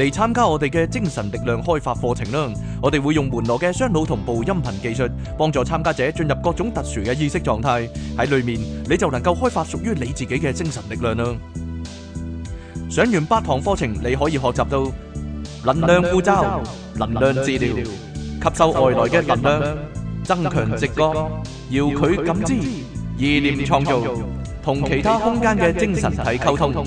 嚟參加我哋嘅精神力量開發課程啦！我哋會用門羅嘅雙腦同步音頻技術，幫助參加者進入各種特殊嘅意識狀態。喺裡面你就能夠開發屬於你自己嘅精神力量啦！上完八堂課程，你可以學習到能量護罩、能量治療、吸收外來嘅能量、增強直覺、遙距感知、意念創造、同其他空間嘅精神體溝通。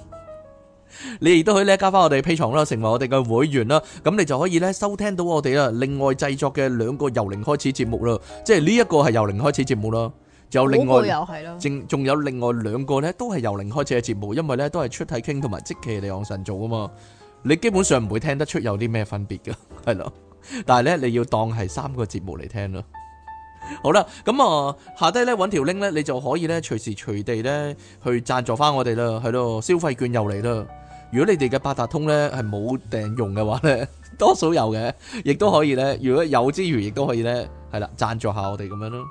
你亦都可以咧加翻我哋 P 床啦，成為我哋嘅會員啦。咁你就可以咧收聽到我哋啊另外製作嘅兩個由零開始節目啦。即係呢一個係由零開始節目啦，有另外仲有另外兩個咧都係由零開始嘅節目，因為咧都係出體傾同埋即期李昂神做啊嘛。你基本上唔會聽得出有啲咩分別嘅，係咯。但係咧你要當係三個節目嚟聽咯。好啦，咁啊下低咧揾條 link 咧，你就可以咧隨時隨地咧去贊助翻我哋啦。係咯，消費券又嚟啦。如果你哋嘅八達通咧係冇訂用嘅話咧，多數有嘅，亦都可以咧。如果有之餘，亦都可以咧，係啦，贊助下我哋咁樣咯。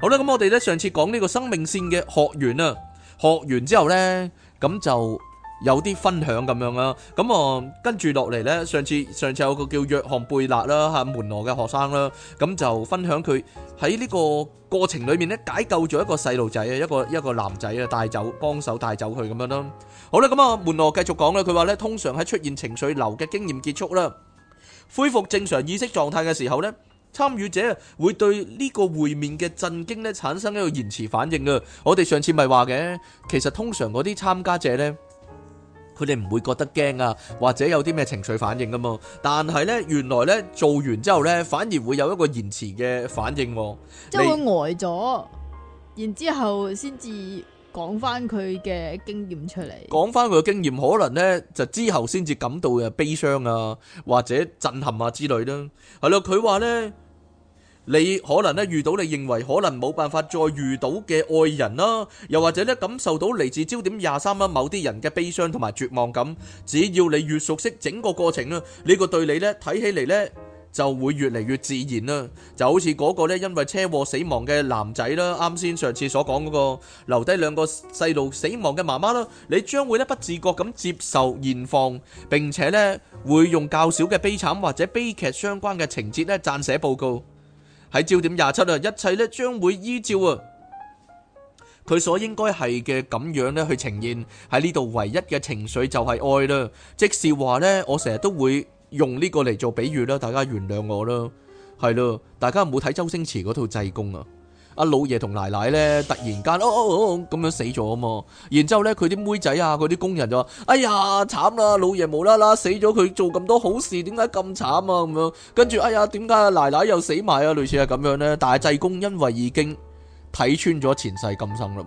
好啦，咁我哋咧上次講呢個生命線嘅學員啦，學完之後咧，咁就。有啲分享咁樣啦，咁啊跟住落嚟咧，上次上次有個叫約翰貝納啦，係門羅嘅學生啦，咁就分享佢喺呢個過程裏面咧，解救咗一個細路仔啊，一個一個男仔啊，帶走，幫手帶走佢咁樣囉。好啦，咁啊門羅繼續講啦，佢話咧，通常喺出現情緒流嘅經驗結束啦，恢復正常意識狀態嘅時候咧，參與者會對呢個會面嘅震驚咧產生一個延遲反應啊！我哋上次咪話嘅，其實通常嗰啲參加者咧。佢哋唔會覺得驚啊，或者有啲咩情緒反應㗎嘛？但係呢，原來呢做完之後呢，反而會有一個延遲嘅反應，即係會呆咗，你然之後先至講返佢嘅經驗出嚟。講返佢嘅經驗，可能呢就之後先至感到嘅悲傷啊，或者震撼啊之類啦。係咯，佢話呢。你可能咧遇到你認為可能冇辦法再遇到嘅愛人啦，又或者咧感受到嚟自焦點廿三蚊某啲人嘅悲傷同埋絕望感。只要你越熟悉整個過程啦，呢個對你咧睇起嚟咧，就會越嚟越自然啦。就好似嗰個咧因為車禍死亡嘅男仔啦，啱先上次所講嗰個留低兩個細路死亡嘅媽媽啦，你將會咧不自覺咁接受現況，並且咧會用較少嘅悲慘或者悲劇相關嘅情節咧撰寫報告。喺焦點廿七啊，一切咧將會依照啊佢所應該係嘅咁樣咧去呈現。喺呢度唯一嘅情緒就係愛啦。即是話呢，我成日都會用呢個嚟做比喻啦，大家原諒我啦，係咯，大家冇睇周星馳嗰套濟公啊。阿老爺同奶奶咧突然間哦哦咁樣死咗啊嘛，然之後咧佢啲妹仔啊，嗰啲工人就話：哎呀慘啦，老爺無啦啦死咗，佢做咁多好事，點解咁慘啊？咁樣，跟住哎呀，點解奶奶又死埋啊？類似係咁樣咧，但係濟公因為已經睇穿咗前世今生嘞。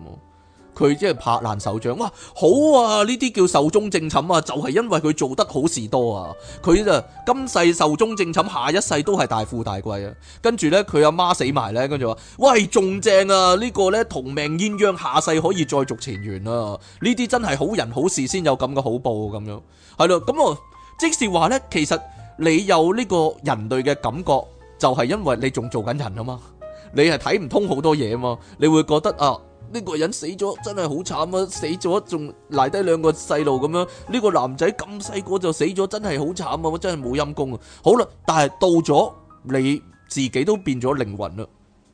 佢即係拍爛手掌，哇！好啊，呢啲叫壽終正寢啊，就係、是、因為佢做得好事多啊。佢就、啊、今世壽終正寢，下一世都係大富大貴啊。跟住呢，佢阿媽死埋呢，跟住話：「喂，仲正啊！呢、這個呢，同命鴛鴦，下世可以再續前緣啊。」呢啲真係好人好事先有咁嘅好報咁樣，係咯。咁我即是話呢，其實你有呢個人類嘅感覺，就係因為你仲做緊人啊嘛，你係睇唔通好多嘢啊嘛，你會覺得啊。呢個人死咗真係好慘啊！死咗仲賴低兩個細路咁樣，呢個男仔咁細個就死咗，真係好慘啊！我真係冇陰功啊！好啦，但係到咗你自己都變咗靈魂啦，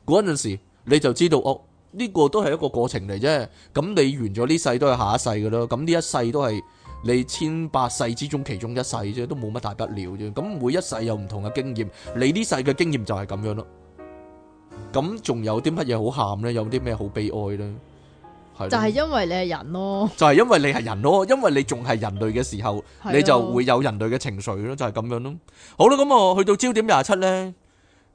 嗰陣時你就知道哦，呢個都係一個過程嚟啫。咁你完咗呢世都係下一世噶咯，咁呢一世都係你千百世之中其中一世啫，都冇乜大不了啫。咁每一世有唔同嘅經驗，你呢世嘅經驗就係咁樣咯。咁仲有啲乜嘢好喊咧？有啲咩好悲哀咧？係就係因為你係人咯，就係因為你係人咯，因為你仲係人類嘅時候，你就會有人類嘅情緒咯，就係咁樣咯。好啦，咁我去到焦點廿七咧，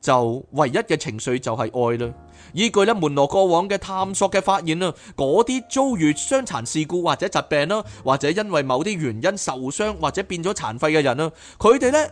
就唯一嘅情緒就係愛啦。依據咧，門羅過往嘅探索嘅發現啊，嗰啲遭遇傷殘事故或者疾病啦，或者因為某啲原因受傷或者變咗殘廢嘅人啊，佢哋咧。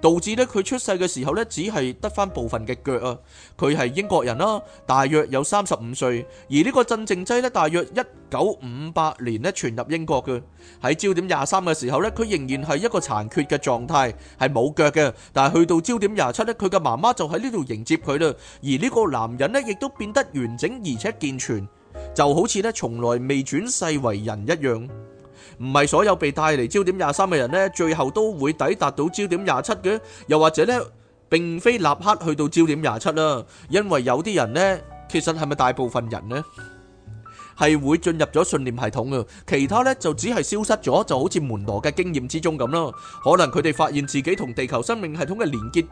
導致咧佢出世嘅時候咧，只係得返部分嘅腳啊！佢係英國人啦，大約有三十五歲。而呢個鎮靜劑咧，大約一九五八年咧，傳入英國嘅。喺焦點廿三嘅時候咧，佢仍然係一個殘缺嘅狀態，係冇腳嘅。但係去到焦點廿七咧，佢嘅媽媽就喺呢度迎接佢啦。而呢個男人呢，亦都變得完整而且健全，就好似咧從來未轉世為人一樣。唔係所有被帶嚟焦點廿三嘅人呢，最後都會抵達到焦點廿七嘅，又或者呢並非立刻去到焦點廿七啦，因為有啲人呢其實係咪大部分人呢係會進入咗信念系統嘅，其他呢就只係消失咗，就好似門羅嘅經驗之中咁囉，可能佢哋發現自己同地球生命系統嘅連結。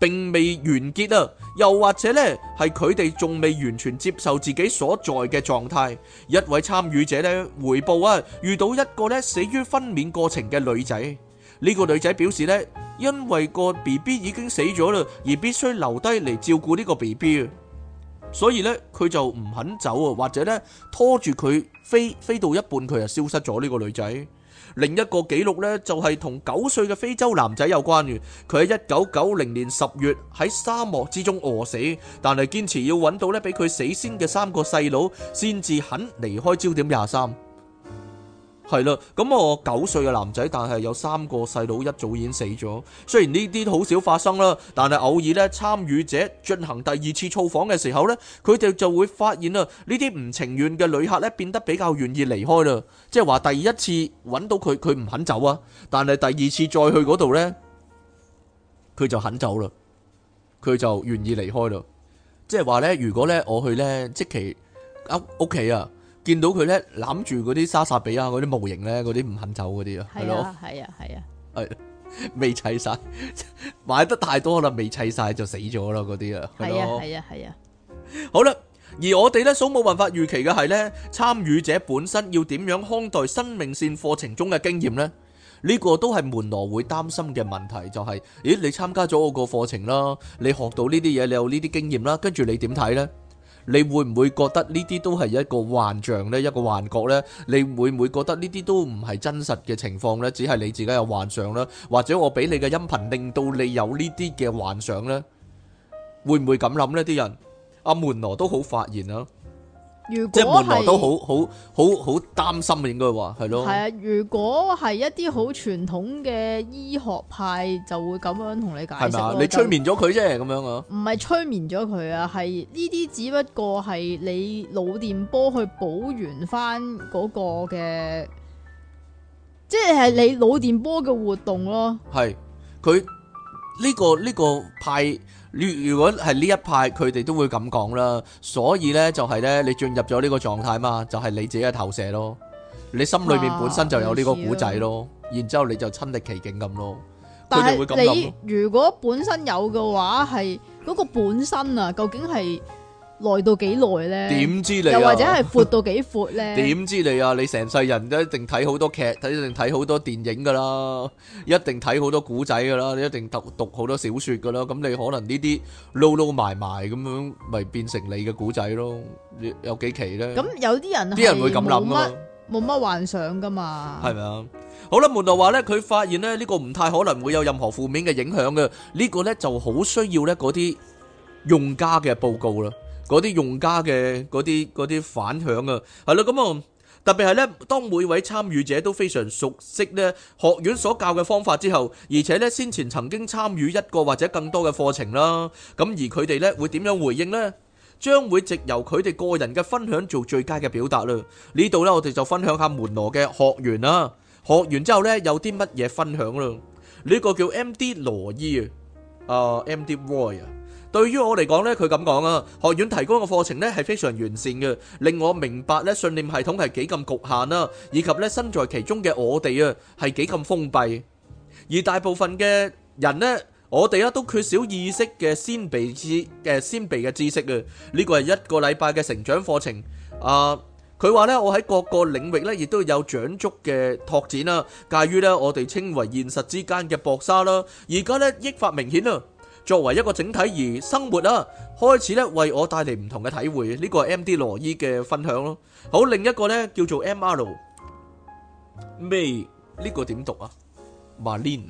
並未完結啊！又或者呢，係佢哋仲未完全接受自己所在嘅狀態。一位參與者呢，回報啊，遇到一個呢死於分娩過程嘅女仔。呢個女仔表示呢，因為個 B B 已經死咗啦，而必須留低嚟照顧呢個 B B。所以呢，佢就唔肯走啊，或者呢，拖住佢飛飛到一半，佢就消失咗呢個女仔。另一個紀錄咧，就係同九歲嘅非洲男仔有關聯。佢喺一九九零年十月喺沙漠之中餓死，但係堅持要揾到咧，俾佢死先嘅三個細佬，先至肯離開焦點廿三。係啦，咁我九歲嘅男仔，但係有三個細佬一早已經死咗。雖然呢啲好少發生啦，但係偶爾咧，參與者進行第二次造訪嘅時候咧，佢哋就會發現啊，呢啲唔情願嘅旅客咧，變得比較願意離開啦。即係話第一次揾到佢，佢唔肯走啊，但係第二次再去嗰度咧，佢就肯走啦，佢就願意離開啦。即係話咧，如果咧我去咧，即期屋企啊。見到佢咧攬住嗰啲莎莎比亞，嗰啲模型咧，嗰啲唔肯走嗰啲啊，係咯，係啊，係啊，係未砌晒，買得太多啦，未砌晒就死咗啦，嗰啲啊，係咯，係啊，係啊，好啦，而我哋咧所冇辦法預期嘅係咧，參與者本身要點樣看待生命線課程中嘅經驗咧？呢個都係門羅會擔心嘅問題，就係，咦，你參加咗我個課程啦，你學到呢啲嘢，你有呢啲經驗啦，跟住你點睇咧？你會唔會覺得呢啲都係一個幻象咧，一個幻覺咧？你會唔會覺得呢啲都唔係真實嘅情況咧？只係你自己有幻想咧，或者我俾你嘅音頻令到你有呢啲嘅幻想咧？會唔會咁諗咧？啲人，阿門羅都好發言啊！如果即係門羅都是好好好好擔心啊，應該話係咯。係啊，如果係一啲好傳統嘅醫學派，就會咁樣同你解釋。吧就你催眠咗佢啫，咁樣啊？唔係催眠咗佢啊，係呢啲只不過係你腦電波去補完翻嗰個嘅，即係係你腦電波嘅活動咯。係，佢呢、這個呢、這個這個派。如如果係呢一派，佢哋都會咁講啦，所以咧就係咧，你進入咗呢個狀態嘛，就係你自己嘅投射咯，你心裏面本身就有呢個古仔咯，然之後你就親歷其境咁咯。但係你如果本身有嘅話，係嗰個本身啊，究竟係？耐到幾耐咧？點知你？又或者係闊到幾闊咧？點知你啊？你成世人都一定睇好多劇，睇一定睇好多電影㗎啦，一定睇好多古仔㗎啦，你一定讀讀好多小説㗎啦。咁你可能呢啲撈撈埋埋咁樣，咪變成你嘅古仔咯？有幾奇咧？咁有啲人，啲人會咁諗㗎嘛？冇乜幻想㗎嘛？係咪啊？好啦，門諾話咧，佢發現咧呢個唔太可能會有任何負面嘅影響嘅，呢個咧就好需要咧嗰啲用家嘅報告啦。嗰啲用家嘅嗰啲嗰啲反響啊，係咯，咁啊特別係咧，當每位參與者都非常熟悉咧學院所教嘅方法之後，而且咧先前曾經參與一個或者更多嘅課程啦，咁而佢哋咧會點樣回應呢？將會藉由佢哋個人嘅分享做最佳嘅表達啦。呢度咧我哋就分享下門羅嘅學員啦，學完之後咧有啲乜嘢分享啦？呢個叫 MD 羅伊啊，MD Roy 啊。對於我嚟講咧，佢咁講啊，學院提供嘅課程咧係非常完善嘅，令我明白咧信念系統係幾咁局限啦，以及咧身在其中嘅我哋啊係幾咁封閉，而大部分嘅人咧，我哋啊都缺少意識嘅先備知，誒先備嘅知識啊，呢個係一個禮拜嘅成長課程。啊，佢話咧我喺各個領域咧亦都有長足嘅拓展啦，介於咧我哋稱為現實之間嘅薄紗啦，而家咧益發明顯啊。作為一個整體而生活啦，開始咧為我帶嚟唔同嘅體會，呢個係 M D 羅伊嘅分享咯。好，另一個咧叫做 M R 咩？呢個點讀啊？Marlene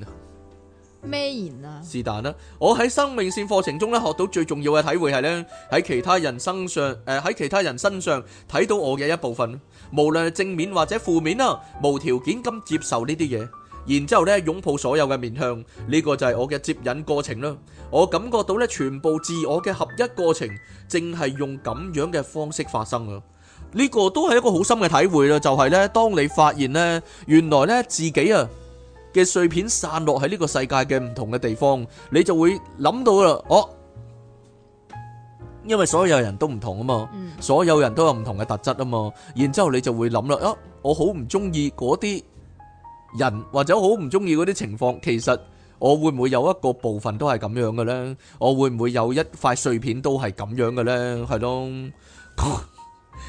咩言啊？是但啦，我喺生命線課程中咧學到最重要嘅體會係咧喺其他人生上誒，喺其他人身上睇到我嘅一部分，無論係正面或者負面啦，無條件咁接受呢啲嘢。然之後咧擁抱所有嘅面向，呢個就係我嘅接引過程啦。我感覺到咧全部自我嘅合一過程，正係用咁樣嘅方式發生啊！呢個都係一個好深嘅體會啦，就係咧當你發現咧原來咧自己啊嘅碎片散落喺呢個世界嘅唔同嘅地方，你就會諗到啦。哦，因為所有人都唔同啊嘛，所有人都有唔同嘅特質啊嘛，然之後你就會諗啦，啊，我好唔中意嗰啲。人或者好唔中意嗰啲情況，其實我會唔會有一個部分都係咁樣嘅咧？我會唔會有一塊碎片都係咁樣嘅咧？係咯。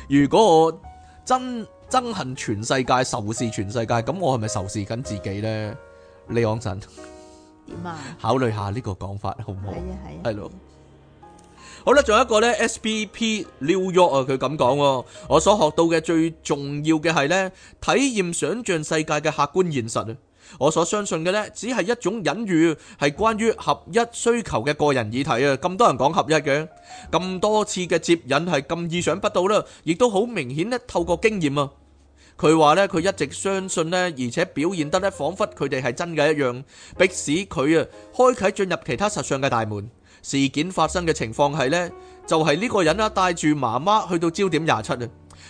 如果我憎憎恨全世界，仇視全世界，咁我係咪仇視緊自己咧？李安神，點啊？考慮下呢個講法好唔好？係啊係啊。係咯。好啦，仲有一個咧，SBP New York 啊，佢咁講喎。我所學到嘅最重要嘅係咧，體驗想像世界嘅客觀現實啊。我所相信嘅咧，只係一種隱喻，係關於合一需求嘅個人議題啊。咁多人講合一嘅，咁多次嘅接引係咁意想不到啦，亦都好明顯咧。透過經驗啊，佢話咧，佢一直相信呢，而且表現得咧，彷彿佢哋係真嘅一樣，迫使佢啊，開啟進入其他實相嘅大門。事件發生嘅情況係呢，就係、是、呢個人啊帶住媽媽去到焦點廿七啊，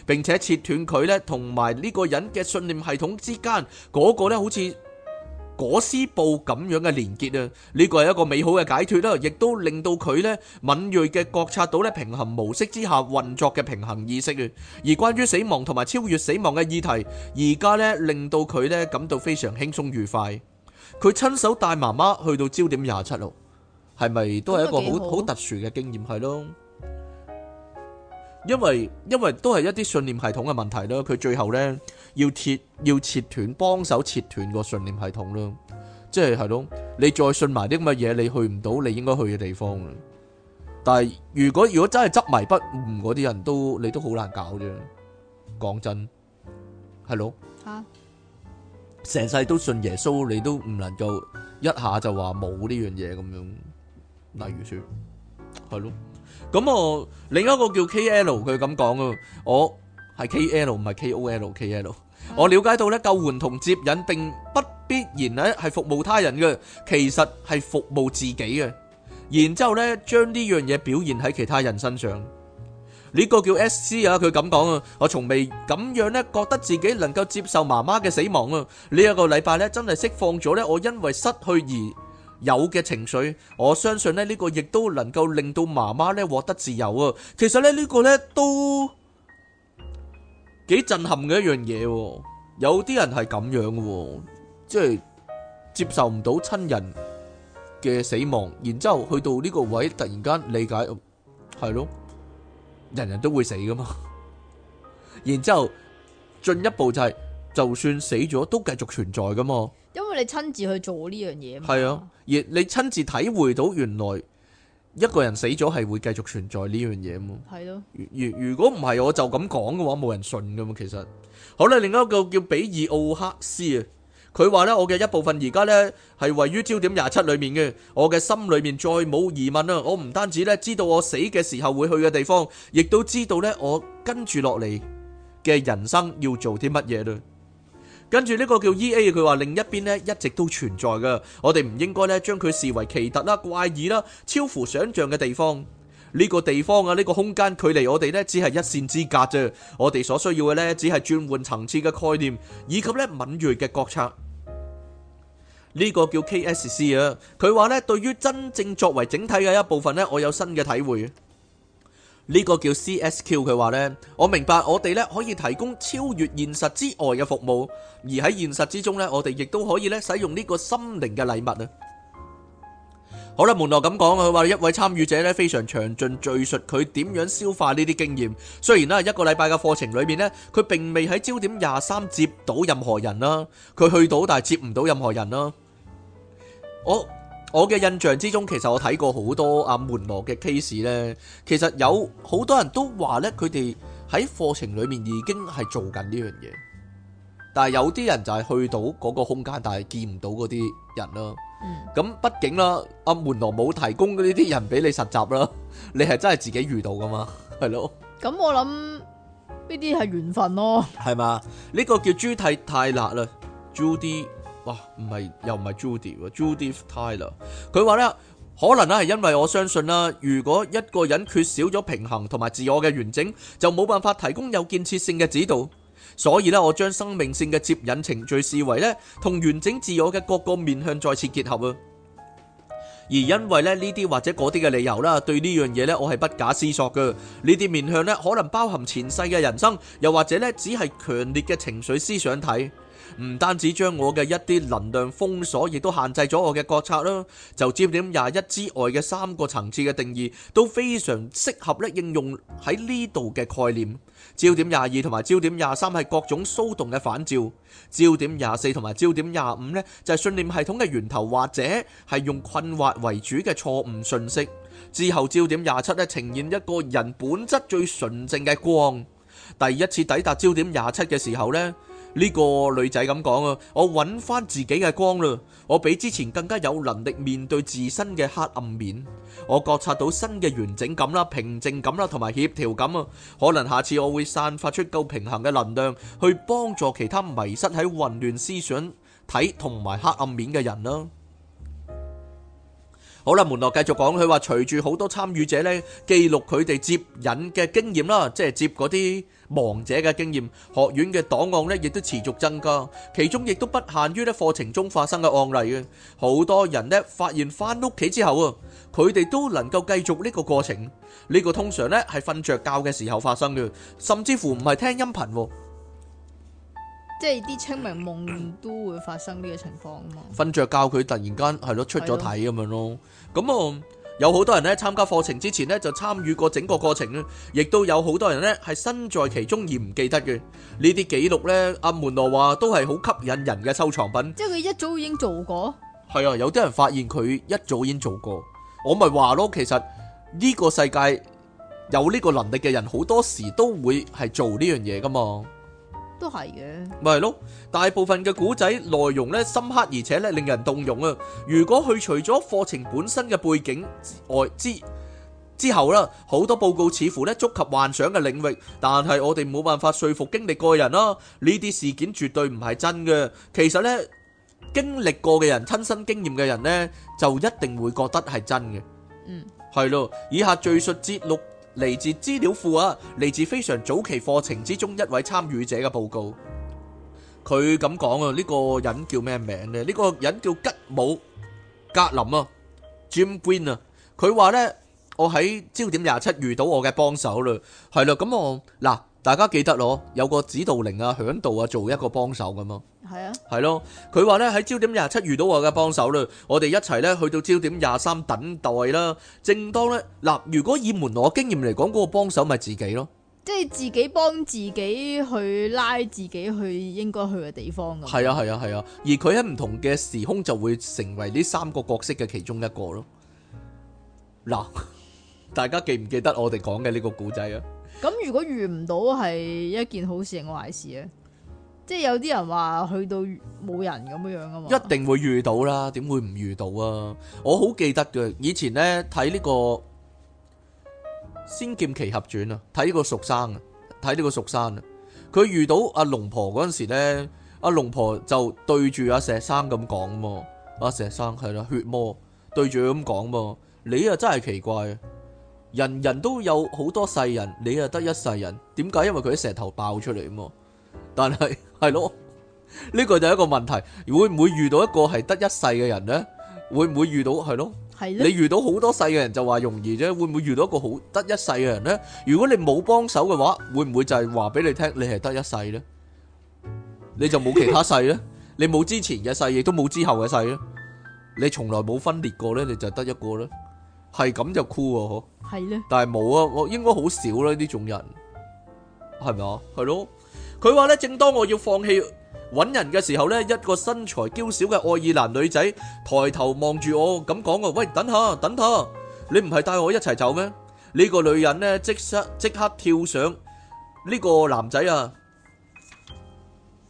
並且切斷佢咧同埋呢個人嘅信念系統之間嗰、那個好似果絲布咁樣嘅連結啊！呢、這個係一個美好嘅解脫啦，亦都令到佢咧敏銳嘅覺察到咧平衡模式之下運作嘅平衡意識啊！而關於死亡同埋超越死亡嘅議題，而家咧令到佢咧感到非常輕鬆愉快。佢親手帶媽媽去到焦點廿七咯。係咪都係一個好好特殊嘅經驗係咯？因為因為都係一啲信念系統嘅問題啦。佢最後呢，要切要切斷幫手切斷個信念系統咯。即係係咯，你再信埋啲咁嘅嘢，你去唔到你應該去嘅地方。但係如果如果真係執迷不悟嗰啲人都你都好難搞啫。講真係咯，成、啊、世都信耶穌，你都唔能夠一下就話冇呢樣嘢咁樣。例如說係咯，咁我另一個叫 K L，佢咁講啊，我係 K L，唔係 K O L，K L，我了解到咧救援同接引並不必然咧係服務他人嘅，其實係服務自己嘅，然之後咧將呢樣嘢表現喺其他人身上。呢個叫 S C 啊，佢咁講啊，我從未咁樣咧覺得自己能夠接受媽媽嘅死亡啊，呢一個禮拜咧真係釋放咗咧，我因為失去而。有嘅情緒，我相信咧呢個亦都能夠令到媽媽咧獲得自由啊！其實咧呢個咧都幾震撼嘅一樣嘢，有啲人係咁樣嘅，即係接受唔到親人嘅死亡，然之後去到呢個位突然間理解，係咯，人人都會死噶嘛，然之後進一步就係就算死咗都繼續存在噶嘛。因為你親自去做呢樣嘢，係啊，而你親自體會到原來一個人死咗係會繼續存在呢樣嘢嘛，係咯的。如果唔係我就咁講嘅話，冇人信噶嘛。其實好啦，另一個叫比爾奧克斯啊，佢話呢，我嘅一部分而家呢係位於焦點廿七裡面嘅，我嘅心裡面再冇疑問啦。我唔單止呢知道我死嘅時候會去嘅地方，亦都知道呢我跟住落嚟嘅人生要做啲乜嘢嘞。跟住呢個叫 E A 佢話另一邊咧一直都存在嘅，我哋唔應該咧將佢視為奇特啦、怪異啦、超乎想象嘅地方。呢個地方啊，呢個空間距離我哋呢只係一線之隔啫。我哋所需要嘅呢只係轉換層次嘅概念，以及呢敏銳嘅決策。呢個叫 K S C 啊，佢話呢對於真正作為整體嘅一部分呢，我有新嘅體會。呢個叫 CSQ，佢話咧，我明白我哋咧可以提供超越現實之外嘅服務，而喺現實之中咧，我哋亦都可以咧使用呢個心靈嘅禮物啊！好啦，門羅咁講啊，佢話一位參與者咧非常詳盡敘述佢點樣消化呢啲經驗。雖然啦，一個禮拜嘅課程裏面咧，佢並未喺焦點廿三接到任何人啦，佢去到但係接唔到任何人啦。我。我嘅印象之中，其實我睇過好多阿門羅嘅 case 呢。其實有好多人都話呢，佢哋喺課程裏面已經係做緊呢樣嘢，但係有啲人就係去到嗰個空間，但係見唔到嗰啲人咯。咁、嗯、畢竟啦、啊，阿門羅冇提供呢啲人俾你實習啦，你係真係自己遇到噶嘛？係咯。咁我諗呢啲係緣分咯。係嘛？呢、個叫豬蹄太辣啦，豬啲。哇，唔係又唔係 Judy，Judy Tyler。佢話咧，可能咧係因為我相信啦，如果一個人缺少咗平衡同埋自我嘅完整，就冇辦法提供有建設性嘅指導。所以咧，我將生命性嘅接引程序視為咧，同完整自我嘅各個面向再次結合啊。而因為咧呢啲或者嗰啲嘅理由啦，對呢樣嘢咧，我係不假思索嘅。呢啲面向咧，可能包含前世嘅人生，又或者咧，只係強烈嘅情緒思想體。唔單止將我嘅一啲能量封鎖，亦都限制咗我嘅覺察啦。就焦點廿一之外嘅三個層次嘅定義都非常適合咧應用喺呢度嘅概念。焦點廿二同埋焦點廿三係各種騷動嘅反照，焦點廿四同埋焦點廿五呢，就係信念系統嘅源頭，或者係用困惑為主嘅錯誤訊息。之後焦點廿七呢，呈現一個人本質最純正嘅光。第一次抵達焦點廿七嘅時候呢。呢個女仔咁講啊，我揾翻自己嘅光啦，我比之前更加有能力面對自身嘅黑暗面，我覺察到新嘅完整感啦、平靜感啦同埋協調感啊。可能下次我會散發出夠平衡嘅能量，去幫助其他迷失喺混亂思想、睇同埋黑暗面嘅人啦。好啦，門羅繼續講，佢話隨住好多參與者呢，記錄佢哋接引嘅經驗啦，即係接嗰啲。亡者嘅經驗，學院嘅檔案呢亦都持續增加，其中亦都不限於呢課程中發生嘅案例嘅，好多人呢發現翻屋企之後啊，佢哋都能夠繼續呢個過程，呢個通常呢係瞓著覺嘅時候發生嘅，甚至乎唔係聽音頻，即係啲清明夢都會發生呢個情況啊嘛，瞓著覺佢突然間係咯出咗體咁樣咯，咁啊。有好多人咧參加課程之前咧就參與過整個過程啦，亦都有好多人咧係身在其中而唔記得嘅，呢啲記錄咧，阿、啊、門羅話都係好吸引人嘅收藏品。即係佢一早已經做過。係啊，有啲人發現佢一早已經做過，我咪話咯，其實呢個世界有呢個能力嘅人好多時都會係做呢樣嘢㗎嘛。都係嘅，咪係咯。大部分嘅古仔內容咧深刻，而且咧令人動容啊。如果去除咗課程本身嘅背景之外之之後啦，好多報告似乎咧觸及幻想嘅領域，但係我哋冇辦法說服經歷過嘅人啦。呢啲事件絕對唔係真嘅。其實咧，經歷過嘅人、親身經驗嘅人咧，就一定會覺得係真嘅。嗯，係咯。以下敘述節錄。嚟自資料庫啊，嚟自非常早期課程之中一位參與者嘅報告。佢咁講啊，呢個人叫咩名咧？呢個人叫吉姆格林啊，Jim Green 啊。佢話呢，我喺焦點廿七遇到我嘅幫手啦。係啦，咁我嗱。大家記得咯，有個指導靈啊響度啊做一個幫手㗎嘛。係啊，係咯。佢話呢，喺焦點廿七遇到我嘅幫手啦，我哋一齊呢，去到焦點廿三等待啦。正當呢，嗱，如果以門羅經驗嚟講，嗰個幫手咪自己咯，即係自己幫自己去拉自己去應該去嘅地方。係啊係啊係啊，啊，而佢喺唔同嘅時空就會成為呢三個角色嘅其中一個咯。嗱，大家記唔記得我哋講嘅呢個古仔啊？咁如果遇唔到係一件好事定壞事咧？即係有啲人話去到冇人咁樣樣噶嘛？一定會遇到啦，點會唔遇到啊？我好記得嘅，以前咧睇呢個仙劍《仙劍奇俠傳》啊，睇呢個蜀山啊，睇呢個蜀山啊，佢遇到阿龍婆嗰陣時咧，阿龍婆就對住阿石生咁講噃，阿石生係啦，血魔對住佢咁講噃，你又真係奇怪。人人都有好多世人，你就得一世人，點解？因為佢啲石頭爆出嚟吖嘛！但係係咯，呢個就係一個問題，會唔會遇到一個係得一世嘅人咧？會唔會遇到係咯？係咧？你遇到好多世嘅人就話容易啫，會唔會遇到一個好得一世嘅人咧？如果你冇幫手嘅話，會唔會就係話俾你聽你係得一世咧？你就冇其他世咧？你冇之前嘅世，亦都冇之後嘅世咧？你從來冇分裂過咧？你就得一個咧？係咁就 cool 喎，嗬！係咧，但係冇啊，我應該好少啦，呢種人係咪啊？係咯，佢話咧，正當我要放棄搵人嘅時候咧，一個身材嬌小嘅愛爾蘭女仔抬頭望住我咁講啊，喂，等下，等下，你唔係帶我一齊走咩？呢個女人咧，即刻即刻跳上呢個男仔啊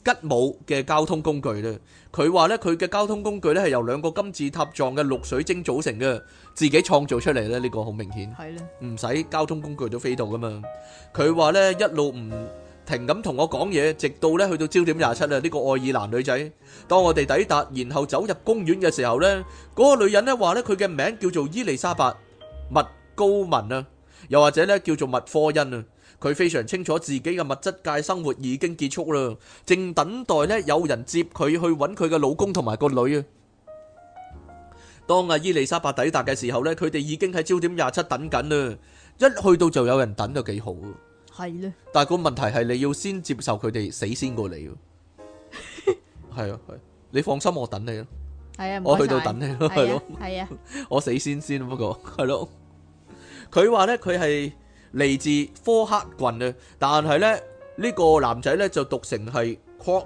吉姆嘅交通工具咧。佢話咧，佢嘅交通工具咧係由兩個金字塔狀嘅綠水晶組成嘅，自己創造出嚟咧。呢個好明顯，係唔使交通工具都飛到噶嘛。佢話咧一路唔停咁同我講嘢，直到咧去到焦點廿七啊。呢個愛爾蘭女仔，當我哋抵達，然後走入公園嘅時候咧，嗰個女人咧話咧佢嘅名叫做伊麗莎白麥高文啊，又或者咧叫做麥科恩啊。佢非常清楚自己嘅物質界生活已經結束啦，正等待咧有人接佢去搵佢嘅老公同埋個女啊。當阿伊麗莎白抵達嘅時候咧，佢哋已經喺焦點廿七等緊啦。一去到就有人等就幾好。係咧，但係個問題係你要先接受佢哋死先過你。係啊係，你放心我等你咯。係啊，我去到等你咯，係咯。係啊，我死先先，不過係咯。佢話咧，佢係。嚟自科克郡咧，但係咧呢個男仔咧就讀成係 Cock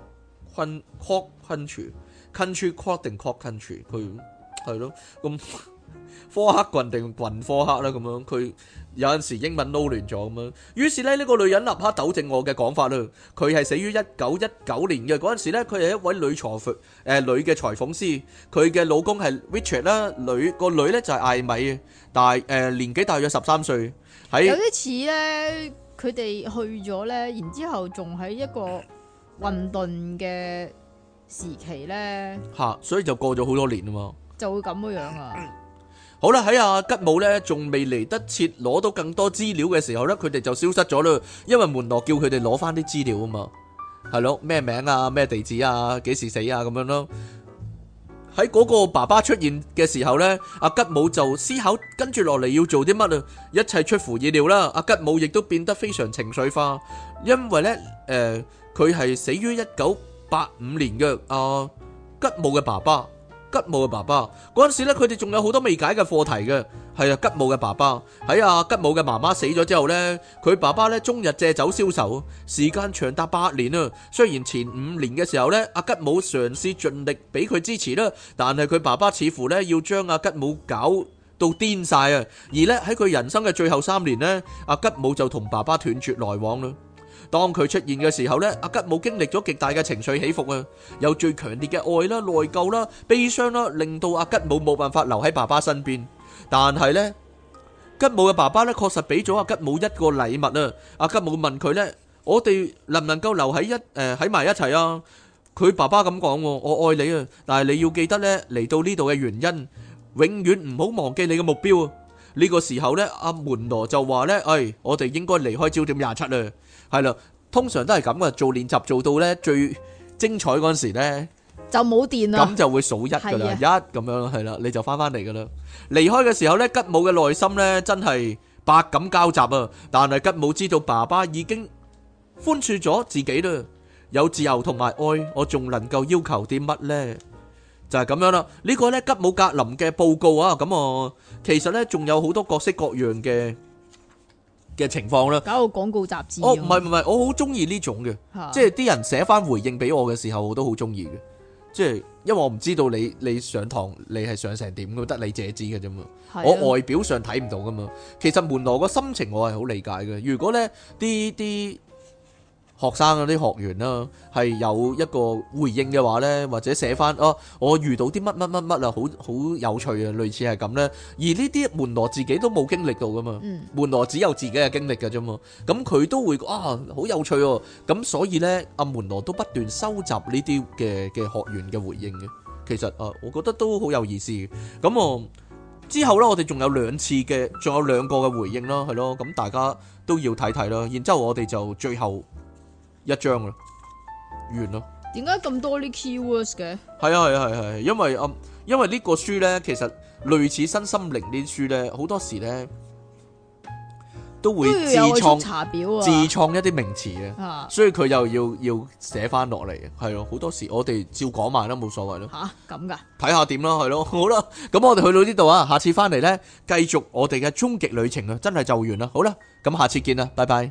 郡，Cock 郡處，Cock 定 Cock 郡處，佢係咯，咁科克郡定郡科克咧，咁樣，佢有陣時英文撈亂咗咁樣。於是咧呢個女人立刻糾正我嘅講法啦。佢係死於一九一九年嘅嗰陣時咧，佢係一位女裁服誒女嘅裁縫師。佢嘅老公係 Richard 啦，女，個女咧就係艾米，但係誒年紀大約十三歲。是有啲似咧，佢哋去咗咧，然之後仲喺一個混沌嘅時期咧。吓，所以就過咗好多年啊嘛，就會咁嘅樣啊。好啦，喺阿吉姆咧仲未嚟得切攞到更多資料嘅時候咧，佢哋就消失咗啦，因為門羅叫佢哋攞翻啲資料啊嘛，係咯，咩名啊，咩地址啊，幾時死啊，咁樣咯。喺嗰個爸爸出現嘅時候呢，阿吉姆就思考跟住落嚟要做啲乜啊！一切出乎意料啦，阿吉姆亦都變得非常情緒化，因為呢，誒佢係死於一九八五年嘅阿、呃、吉姆嘅爸爸。吉姆嘅爸爸嗰陣時咧，佢哋仲有好多未解嘅課題嘅，係啊，吉姆嘅爸爸喺阿吉姆嘅媽媽死咗之後咧，佢爸爸咧終日借酒消愁，時間長達八年啊。雖然前五年嘅時候咧，阿吉姆嘗試盡力俾佢支持啦，但係佢爸爸似乎咧要將阿吉姆搞到癲晒啊。而咧喺佢人生嘅最後三年咧，阿吉姆就同爸爸斷絕來往啦。當佢出現嘅時候呢，阿吉姆經歷咗極大嘅情緒起伏啊，有最強烈嘅愛啦、內疚啦、悲傷啦，令到阿吉姆冇辦法留喺爸爸身邊。但係呢，吉姆嘅爸爸呢確實俾咗阿吉姆一個禮物啊。阿吉姆問佢呢，我哋能唔能夠留喺一誒喺埋一齊啊？佢爸爸咁講，我愛你啊，但係你要記得呢，嚟到呢度嘅原因，永遠唔好忘記你嘅目標啊。呢、這個時候呢，阿門羅就話呢，誒、哎，我哋應該離開焦點廿七啊。係啦，通常都係咁噶，做練習做到咧最精彩嗰時咧，就冇電啦，咁就會數一噶啦，一咁樣係啦，你就翻翻嚟噶啦。離開嘅時候咧，吉姆嘅內心咧真係百感交集啊！但係吉姆知道爸爸已經寬恕咗自己啦，有自由同埋愛，我仲能夠要求啲乜咧？就係咁樣啦。呢個咧吉姆格林嘅報告啊，咁啊，其實咧仲有好多各式各樣嘅。嘅情況啦，搞個廣告雜誌啊。哦，唔係唔係，我好中意呢種嘅，的即係啲人寫翻回應俾我嘅時候，我都好中意嘅。即係因為我唔知道你你上堂你係上成點噶？得你自己知嘅啫嘛。的我外表上睇唔到噶嘛，其實門羅個心情我係好理解嘅。如果咧啲啲。學生嗰啲學員啦，係有一個回應嘅話呢，或者寫翻哦，我遇到啲乜乜乜乜啊，好好有趣啊，類似係咁呢。而呢啲門羅自己都冇經歷到㗎嘛，門羅只有自己嘅經歷㗎啫嘛。咁佢都會啊，好有趣喎。咁所以呢，阿門羅都不斷收集呢啲嘅嘅學員嘅回應嘅。其實啊，我覺得都好有意思嘅。咁啊，之後呢，我哋仲有兩次嘅，仲有兩個嘅回應啦，係咯。咁大家都要睇睇啦。然之後我哋就最後。一章咯，完咯。點解咁多啲 key words 嘅？係啊係啊係係，因為啊，因為呢個書咧，其實類似新心靈啲書咧，好多時咧都會自創、自創一啲名詞嘅，所以佢又要要寫翻落嚟，係咯。好多時我哋照講埋都冇所謂咯。吓咁噶？睇下點咯，係咯，好啦，咁我哋去到呢度啊，下次翻嚟咧，繼續我哋嘅終極旅程啊，真係就完啦。好啦，咁下次見啦，拜拜。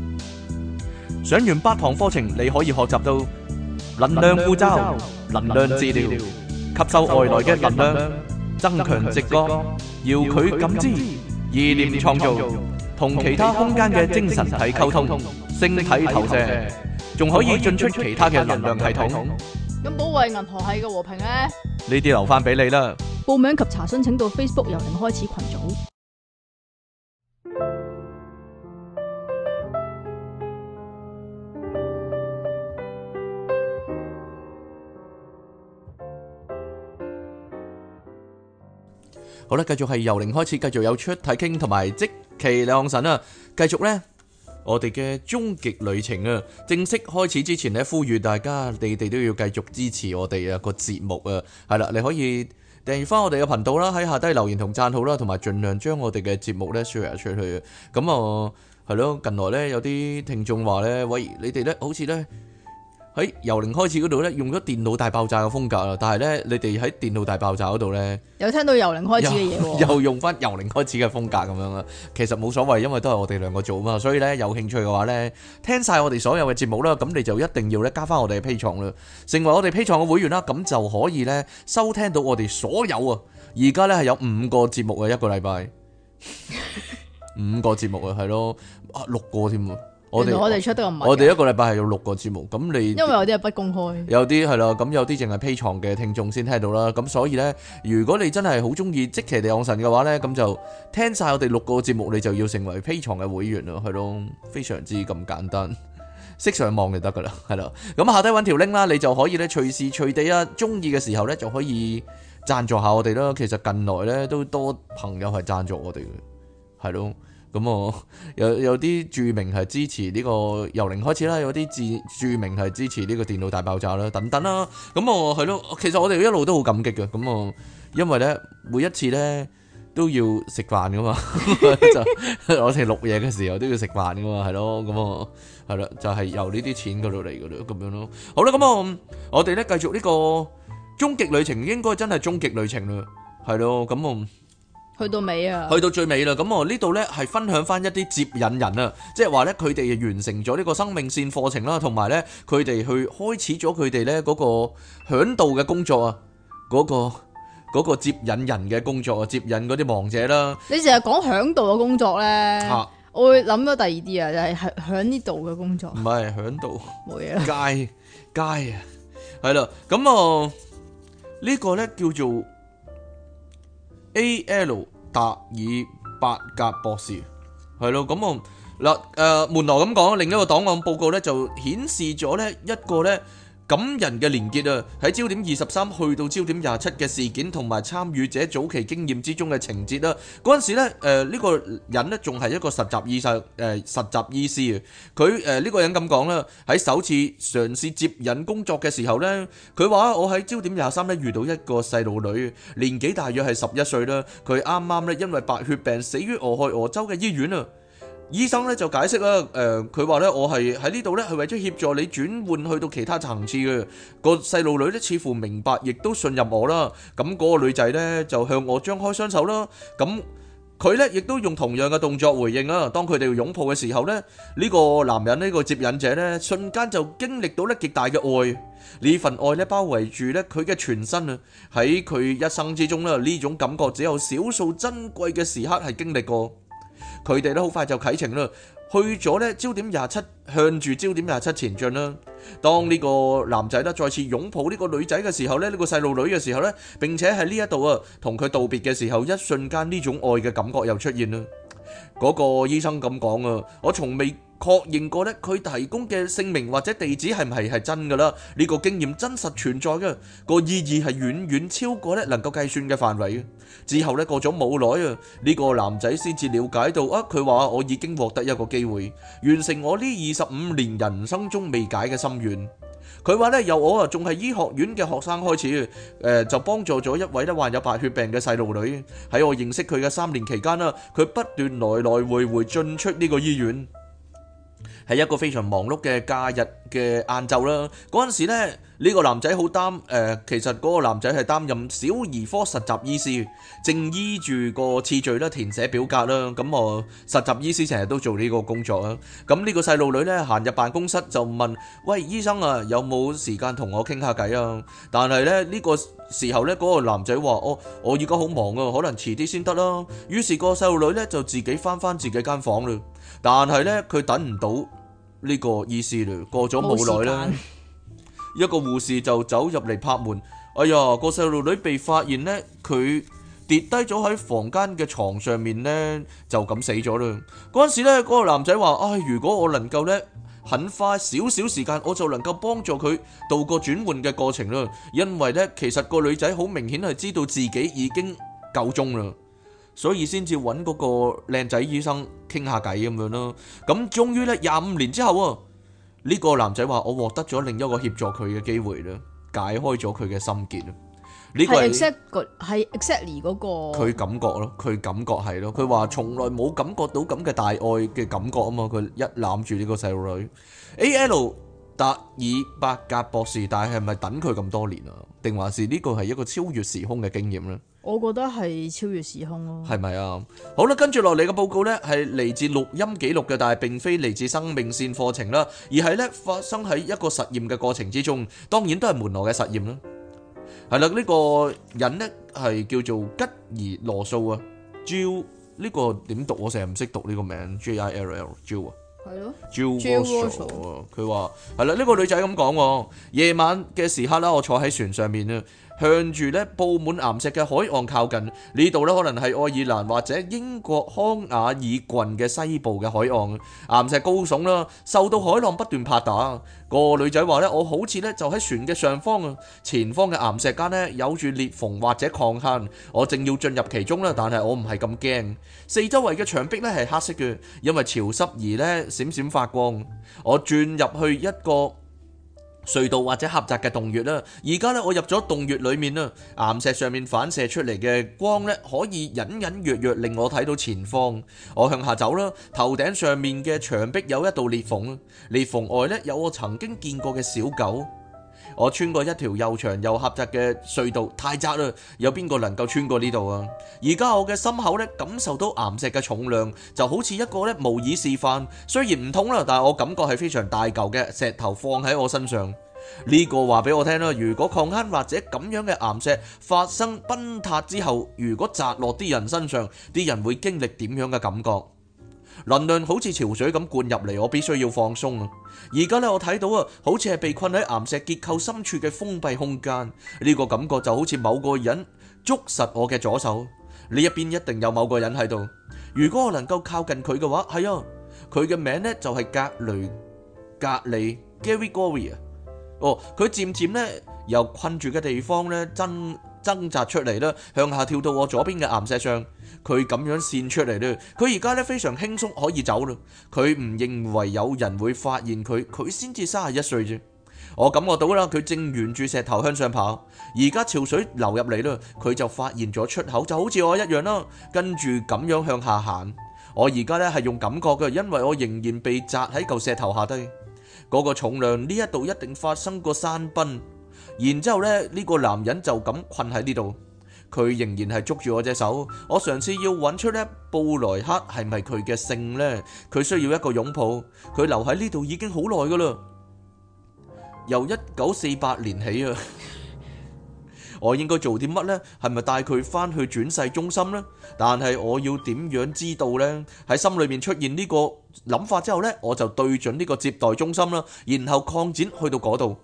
上完八堂課程，你可以學習到能量護罩、能量治療、吸收外來嘅能量、增強直覺、遙距感知、意念創造、同其他空間嘅精神體溝通、星體投射，仲可以進出其他嘅能量系統。咁保衛銀河系嘅和平咧？呢啲留翻俾你啦。報名及查詢請到 Facebook 由零開始群組。好啦，繼續係由零開始，繼續有出睇傾同埋積奇兩神啊。繼續呢，我哋嘅終極旅程，啊，正式開始之前呢，呼籲大家你哋都要繼續支持我哋啊個節目啊。係啦，你可以訂閱翻我哋嘅頻道啦，喺下低留言同讚好啦，同埋盡量將我哋嘅節目呢 share 出去。咁、嗯、啊，係咯，近來呢，有啲聽眾話呢，喂，你哋呢好似呢。喺由零開始嗰度咧，用咗電腦大爆炸嘅風格啦。但係咧，你哋喺電腦大爆炸嗰度咧，有聽到由零開始嘅嘢喎。又用翻由零開始嘅風格咁樣啦。其實冇所謂，因為都係我哋兩個做啊嘛。所以咧，有興趣嘅話咧，聽晒我哋所有嘅節目啦。咁你就一定要咧加翻我哋嘅 Patreon 啦，成為我哋 Patreon 嘅會員啦。咁就可以咧收聽到我哋所有啊。而家咧係有五個節目嘅一個禮拜，五個節目啊，係咯啊六個添啊。我哋我哋出得個我哋一個禮拜係有六個節目，咁你因為有啲係不公開，有啲係咯，咁有啲淨係披床嘅聽眾先聽到啦，咁所以呢，如果你真係好中意即其地降神嘅話呢，咁就聽晒我哋六個節目，你就要成為披床嘅會員咯，係咯，非常之咁簡單， 識上網就得噶啦，係咯，咁下低揾條 link 啦，你就可以咧隨時隨地啊，中意嘅時候呢，就可以贊助下我哋啦。其實近來呢，都多朋友係贊助我哋嘅，係咯。咁我有有啲著名係支持呢個由零開始啦，有啲電著名係支持呢個電腦大爆炸啦，等等啦。咁我係咯，其實我哋一路都好感激嘅。咁我因為咧，每一次咧都要食飯噶嘛， 就我哋錄嘢嘅時候都要食飯噶嘛，係咯。咁我係啦，就係由呢啲錢嗰度嚟噶咯，咁樣咯。好啦，咁我我哋咧繼續呢個終極旅程，應該真係終極旅程啦。係咯，咁我。去到尾啊！去到最尾啦！咁我呢度咧係分享翻一啲接引人啊，即係話咧佢哋完成咗呢個生命線課程啦，同埋咧佢哋去開始咗佢哋咧嗰個響度嘅工作啊，嗰個嗰個接引人嘅工作啊，接引嗰啲亡者啦。你淨係講響度嘅工作咧，我會諗咗第二啲啊，就係響呢度嘅工作。唔係響度冇嘢街街啊，係啦，咁啊呢個咧叫做 AL。達爾伯格博士，係咯，咁我嗱，誒、呃、門羅咁講，另一個檔案報告咧就顯示咗咧一個咧。感人嘅連結啊！喺焦點二十三去到焦點廿七嘅事件同埋參與者早期經驗之中嘅情節啦，嗰陣時咧，誒呢個人咧仲係一個實習醫生，誒實習醫師啊，佢誒呢個人咁講啦，喺首次嘗試接引工作嘅時候呢，佢話：我喺焦點廿三咧遇到一個細路女，年紀大約係十一歲啦，佢啱啱咧因為白血病死於俄亥俄州嘅醫院啊。醫生咧就解釋啦，誒佢話咧我係喺呢度咧係為咗協助你轉換去到其他層次嘅個細路女咧，似乎明白亦都信任我啦。咁嗰個女仔咧就向我張開雙手啦。咁佢咧亦都用同樣嘅動作回應啦。當佢哋要擁抱嘅時候咧，呢個男人呢個接引者咧，瞬間就經歷到咧極大嘅愛。呢份愛咧包圍住咧佢嘅全身啊！喺佢一生之中咧，呢種感覺只有少數珍貴嘅時刻係經歷過。佢哋咧好快就啟程啦，去咗咧焦點廿七，向住焦點廿七前進啦。當呢個男仔咧再次擁抱呢個女仔嘅時候咧，呢、這個細路女嘅時候咧，並且喺呢一度啊同佢道別嘅時候，一瞬間呢種愛嘅感覺又出現啦。嗰個醫生咁講啊，我從未確認過呢，佢提供嘅姓名或者地址係唔係係真噶啦？呢個經驗真實存在嘅，個意義係遠遠超過呢能夠計算嘅範圍。之後呢，過咗冇耐啊，呢個男仔先至了解到啊，佢話我已經獲得一個機會，完成我呢二十五年人生中未解嘅心願。佢話由我啊仲係醫學院嘅學生開始，呃，就幫助咗一位患有白血病嘅細路女。喺我認識佢嘅三年期間啦，佢不斷來來回回進出呢個醫院。係一個非常忙碌嘅假日嘅晏晝啦，嗰陣時咧呢個男仔好擔誒、呃，其實嗰個男仔係擔任小兒科實習醫師，正依住個次序啦，填寫表格啦。咁我實習醫師成日都做呢個工作啊。咁呢個細路女呢，行入辦公室就問：，喂，醫生啊，有冇時間同我傾下偈啊？但係呢，呢個時候呢，嗰個男仔話：，哦，我而家好忙啊，可能遲啲先得啦。於是個細路女呢，就自己翻翻自己間房啦。但係呢，佢等唔到。呢個意思啦，過咗冇耐啦，一個護士就走入嚟拍門。哎呀，個細路女被發現呢，佢跌低咗喺房間嘅床上面呢，就咁死咗啦。嗰陣時呢，嗰、那個男仔話：，唉、哎，如果我能夠呢，很快少少時間，我就能夠幫助佢度過轉換嘅過程啦。因為呢，其實個女仔好明顯係知道自己已經夠鐘啦。所以先至揾嗰個靚仔醫生傾下偈咁樣咯，咁終於咧，廿五年之後，呢個男仔話我獲得咗另一個協助佢嘅機會啦，解開咗佢嘅心結啦。呢個係 exactly 係 exactly 嗰個佢感覺咯，佢感覺係咯，佢話從來冇感覺到咁嘅大愛嘅感覺啊嘛，佢一攬住呢個細路女。AL 達爾伯格博士，但係係咪等佢咁多年啊？定還是呢個係一個超越時空嘅經驗咧？我覺得係超越時空咯，係咪啊？好啦，跟住落嚟嘅報告咧，係嚟自錄音記錄嘅，但係並非嚟自生命線課程啦，而係咧發生喺一個實驗嘅過程之中，當然都係門羅嘅實驗啦。係啦，呢個人咧係叫做吉爾羅素啊，Jill 呢個點讀我成日唔識讀呢個名 J I L L Jill 啊。係咯，Jojo，佢話係啦，呢個女仔咁講，夜晚嘅時刻啦，我坐喺船上面啊。向住咧布滿岩石嘅海岸靠近呢度咧，可能係愛爾蘭或者英國康瓦爾郡嘅西部嘅海岸，岩石高聳啦，受到海浪不斷拍打。個女仔話咧：我好似咧就喺船嘅上方啊，前方嘅岩石間咧有住裂縫或者礦坑，我正要進入其中啦，但係我唔係咁驚。四周圍嘅牆壁咧係黑色嘅，因為潮濕而咧閃閃發光。我轉入去一個。隧道或者狹窄嘅洞穴啦，而家咧我入咗洞穴裏面啦，岩石上面反射出嚟嘅光咧，可以隱隱約約令我睇到前方。我向下走啦，頭頂上面嘅牆壁有一道裂縫，裂縫外咧有我曾經見過嘅小狗。我穿過一條又長又狹窄嘅隧道，太窄啦！有邊個能夠穿過呢度啊？而家我嘅心口咧感受到岩石嘅重量，就好似一個咧模擬示範。雖然唔痛啦，但係我感覺係非常大嚿嘅石頭放喺我身上。呢、這個話俾我聽啦，如果礦坑或者咁樣嘅岩石發生崩塌之後，如果砸落啲人身上，啲人會經歷點樣嘅感覺？能量好似潮水咁灌入嚟，我必須要放鬆啊！而家咧，我睇到啊，好似係被困喺岩石結構深處嘅封閉空間，呢個感覺就好似某個人捉實我嘅左手，呢一邊一定有某個人喺度。如果我能夠靠近佢嘅話，係啊，佢嘅名咧就係格雷格里 Gary Gory 啊！哦，佢漸漸咧由困住嘅地方咧真。掙扎出嚟啦，向下跳到我左邊嘅岩石上。佢咁樣跣出嚟咧，佢而家咧非常輕鬆可以走啦。佢唔認為有人會發現佢，佢先至三十一歲啫。我感覺到啦，佢正沿住石頭向上跑。而家潮水流入嚟啦，佢就發現咗出口，就好似我一樣啦。跟住咁樣向下行。我而家咧係用感覺嘅，因為我仍然被砸喺嚿石頭下低。嗰個重量呢一度一定發生過山崩。然之後呢，呢個男人就咁困喺呢度，佢仍然係捉住我隻手。我嘗試要揾出呢，布萊克係咪佢嘅姓呢？佢需要一個擁抱。佢留喺呢度已經好耐噶啦，由一九四八年起啊。我應該做啲乜呢？係咪帶佢翻去轉世中心呢？但係我要點樣知道呢？喺心裏面出現呢個諗法之後呢，我就對準呢個接待中心啦，然後擴展去到嗰度。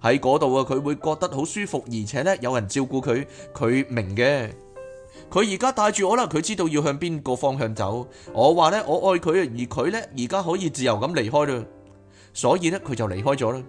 喺嗰度啊，佢會覺得好舒服，而且呢有人照顧佢，佢明嘅。佢而家帶住我啦，佢知道要向邊個方向走。我話呢，我愛佢，而佢呢而家可以自由咁離開啦。所以呢，佢就離開咗啦。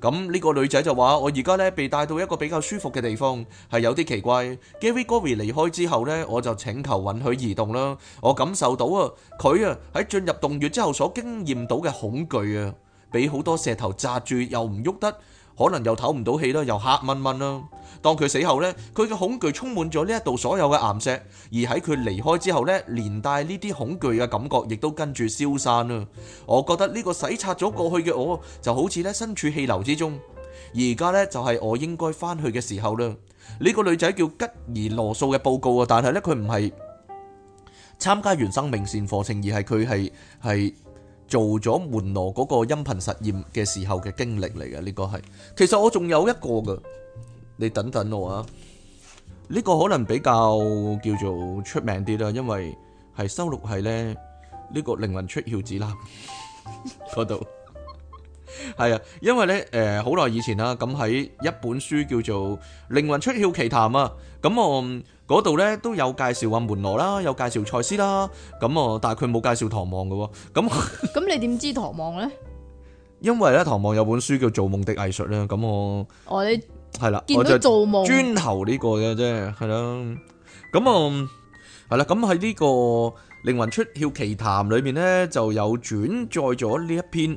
咁呢個女仔就話：我而家呢被帶到一個比較舒服嘅地方，係有啲奇怪。Gary Gary 離開之後呢，我就請求允許移動啦。我感受到啊，佢啊喺進入洞穴之後所經驗到嘅恐懼啊。俾好多石頭扎住，又唔喐得，可能又唞唔到氣咯，又吓問問啦。當佢死後呢，佢嘅恐懼充滿咗呢一度所有嘅岩石，而喺佢離開之後呢，連帶呢啲恐懼嘅感覺亦都跟住消散啦。我覺得呢個洗刷咗過去嘅我，就好似咧身處氣流之中，而家呢，就係我應該翻去嘅時候啦。呢個女仔叫吉兒羅素嘅報告啊，但係呢，佢唔係參加完生命線課程，而係佢係係。做咗門羅嗰個音頻實驗嘅時候嘅經歷嚟嘅，呢個係其實我仲有一個㗎，你等等我啊，呢個可能比較叫做出名啲啦，因為係收錄係喺呢個靈魂出竅指南嗰度。係啊，因為咧，誒、呃，好耐以前啦，咁喺一本書叫做《靈魂出竅奇談》啊，咁我嗰度咧都有介紹阿門羅啦，有介紹賽斯啦，咁啊，但係佢冇介紹唐望嘅喎，咁咁你點知唐望咧？因為咧，唐望有本書叫做夢《做夢的藝術》咧，咁我哦，係啦，見到做夢磚頭呢個嘅啫，係咯，咁啊，係啦，咁喺呢個《靈魂出竅奇談》裏面咧，就有轉載咗呢一篇。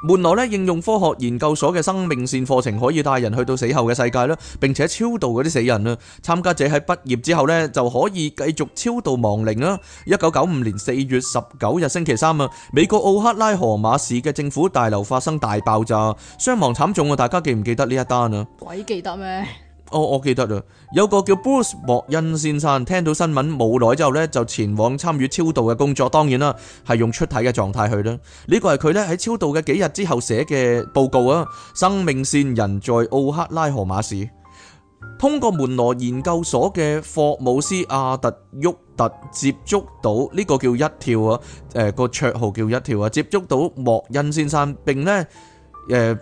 門羅咧應用科學研究所嘅生命線課程可以帶人去到死後嘅世界啦，並且超度嗰啲死人啦。參加者喺畢業之後咧就可以繼續超度亡靈啦。一九九五年四月十九日星期三啊，美國奧克拉荷馬市嘅政府大樓發生大爆炸，傷亡慘重啊！大家記唔記得呢一單啊？鬼記得咩？我、哦、我記得啦，有個叫 Bruce 莫恩先生聽到新聞冇耐之後呢，就前往參與超度嘅工作。當然啦，係用出體嘅狀態去啦。呢、這個係佢呢喺超度嘅幾日之後寫嘅報告啊。生命線人在奧克拉荷馬市，通過門羅研究所嘅霍姆斯阿特沃特接觸到呢、這個叫一跳啊，誒、呃、個綽號叫一跳啊，接觸到莫恩先生，並呢。誒、呃。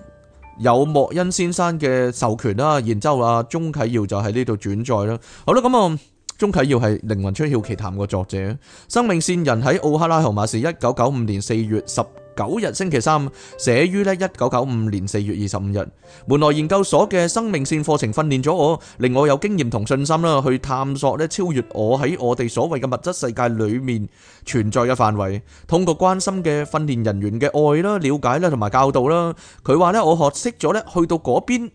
有莫恩先生嘅授權啦，然之後啊，鍾啟耀就喺呢度轉載啦。好啦，咁啊。鍾啟耀係《靈魂出竅奇談》嘅作者。生命線人喺奧克拉荷馬市，一九九五年四月十九日星期三寫於咧，一九九五年四月二十五日。門羅研究所嘅生命線課程訓練咗我，令我有經驗同信心啦，去探索咧超越我喺我哋所謂嘅物質世界裏面存在嘅範圍。通過關心嘅訓練人員嘅愛啦、了解啦同埋教導啦，佢話咧，我學識咗咧去到嗰邊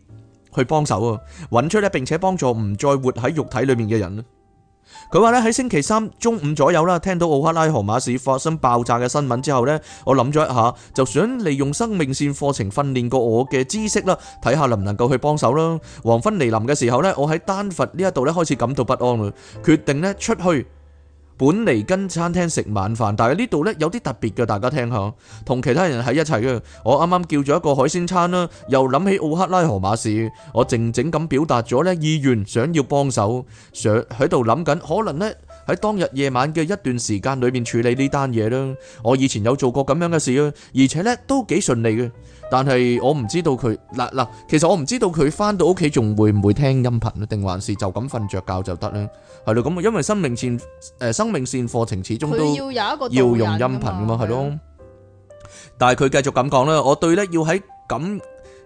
去幫手啊，揾出咧並且幫助唔再活喺肉體裏面嘅人。佢話咧喺星期三中午左右啦，聽到奧克拉荷馬市發生爆炸嘅新聞之後咧，我諗咗一下，就想利用生命綫課程訓練過我嘅知識啦，睇下能唔能夠去幫手啦。黃昏來臨嘅時候咧，我喺丹佛呢一度咧開始感到不安啦，決定咧出去。本嚟跟餐廳食晚飯，但係呢度呢，有啲特別嘅，大家聽下。同其他人喺一齊嘅，我啱啱叫咗一個海鮮餐啦，又諗起奧克拉荷馬市，我靜靜咁表達咗呢意願，想要幫手，想喺度諗緊，可能呢，喺當日夜晚嘅一段時間裏面處理呢單嘢啦。我以前有做過咁樣嘅事啊，而且呢，都幾順利嘅。但係我唔知道佢嗱嗱，其實我唔知道佢翻到屋企仲會唔會聽音頻咧，定還是就咁瞓著覺就得咧？係咯咁，因為生命線誒，生命線課程始終都要有一個要用音頻噶嘛，係咯。但係佢繼續咁講啦，我對咧要喺咁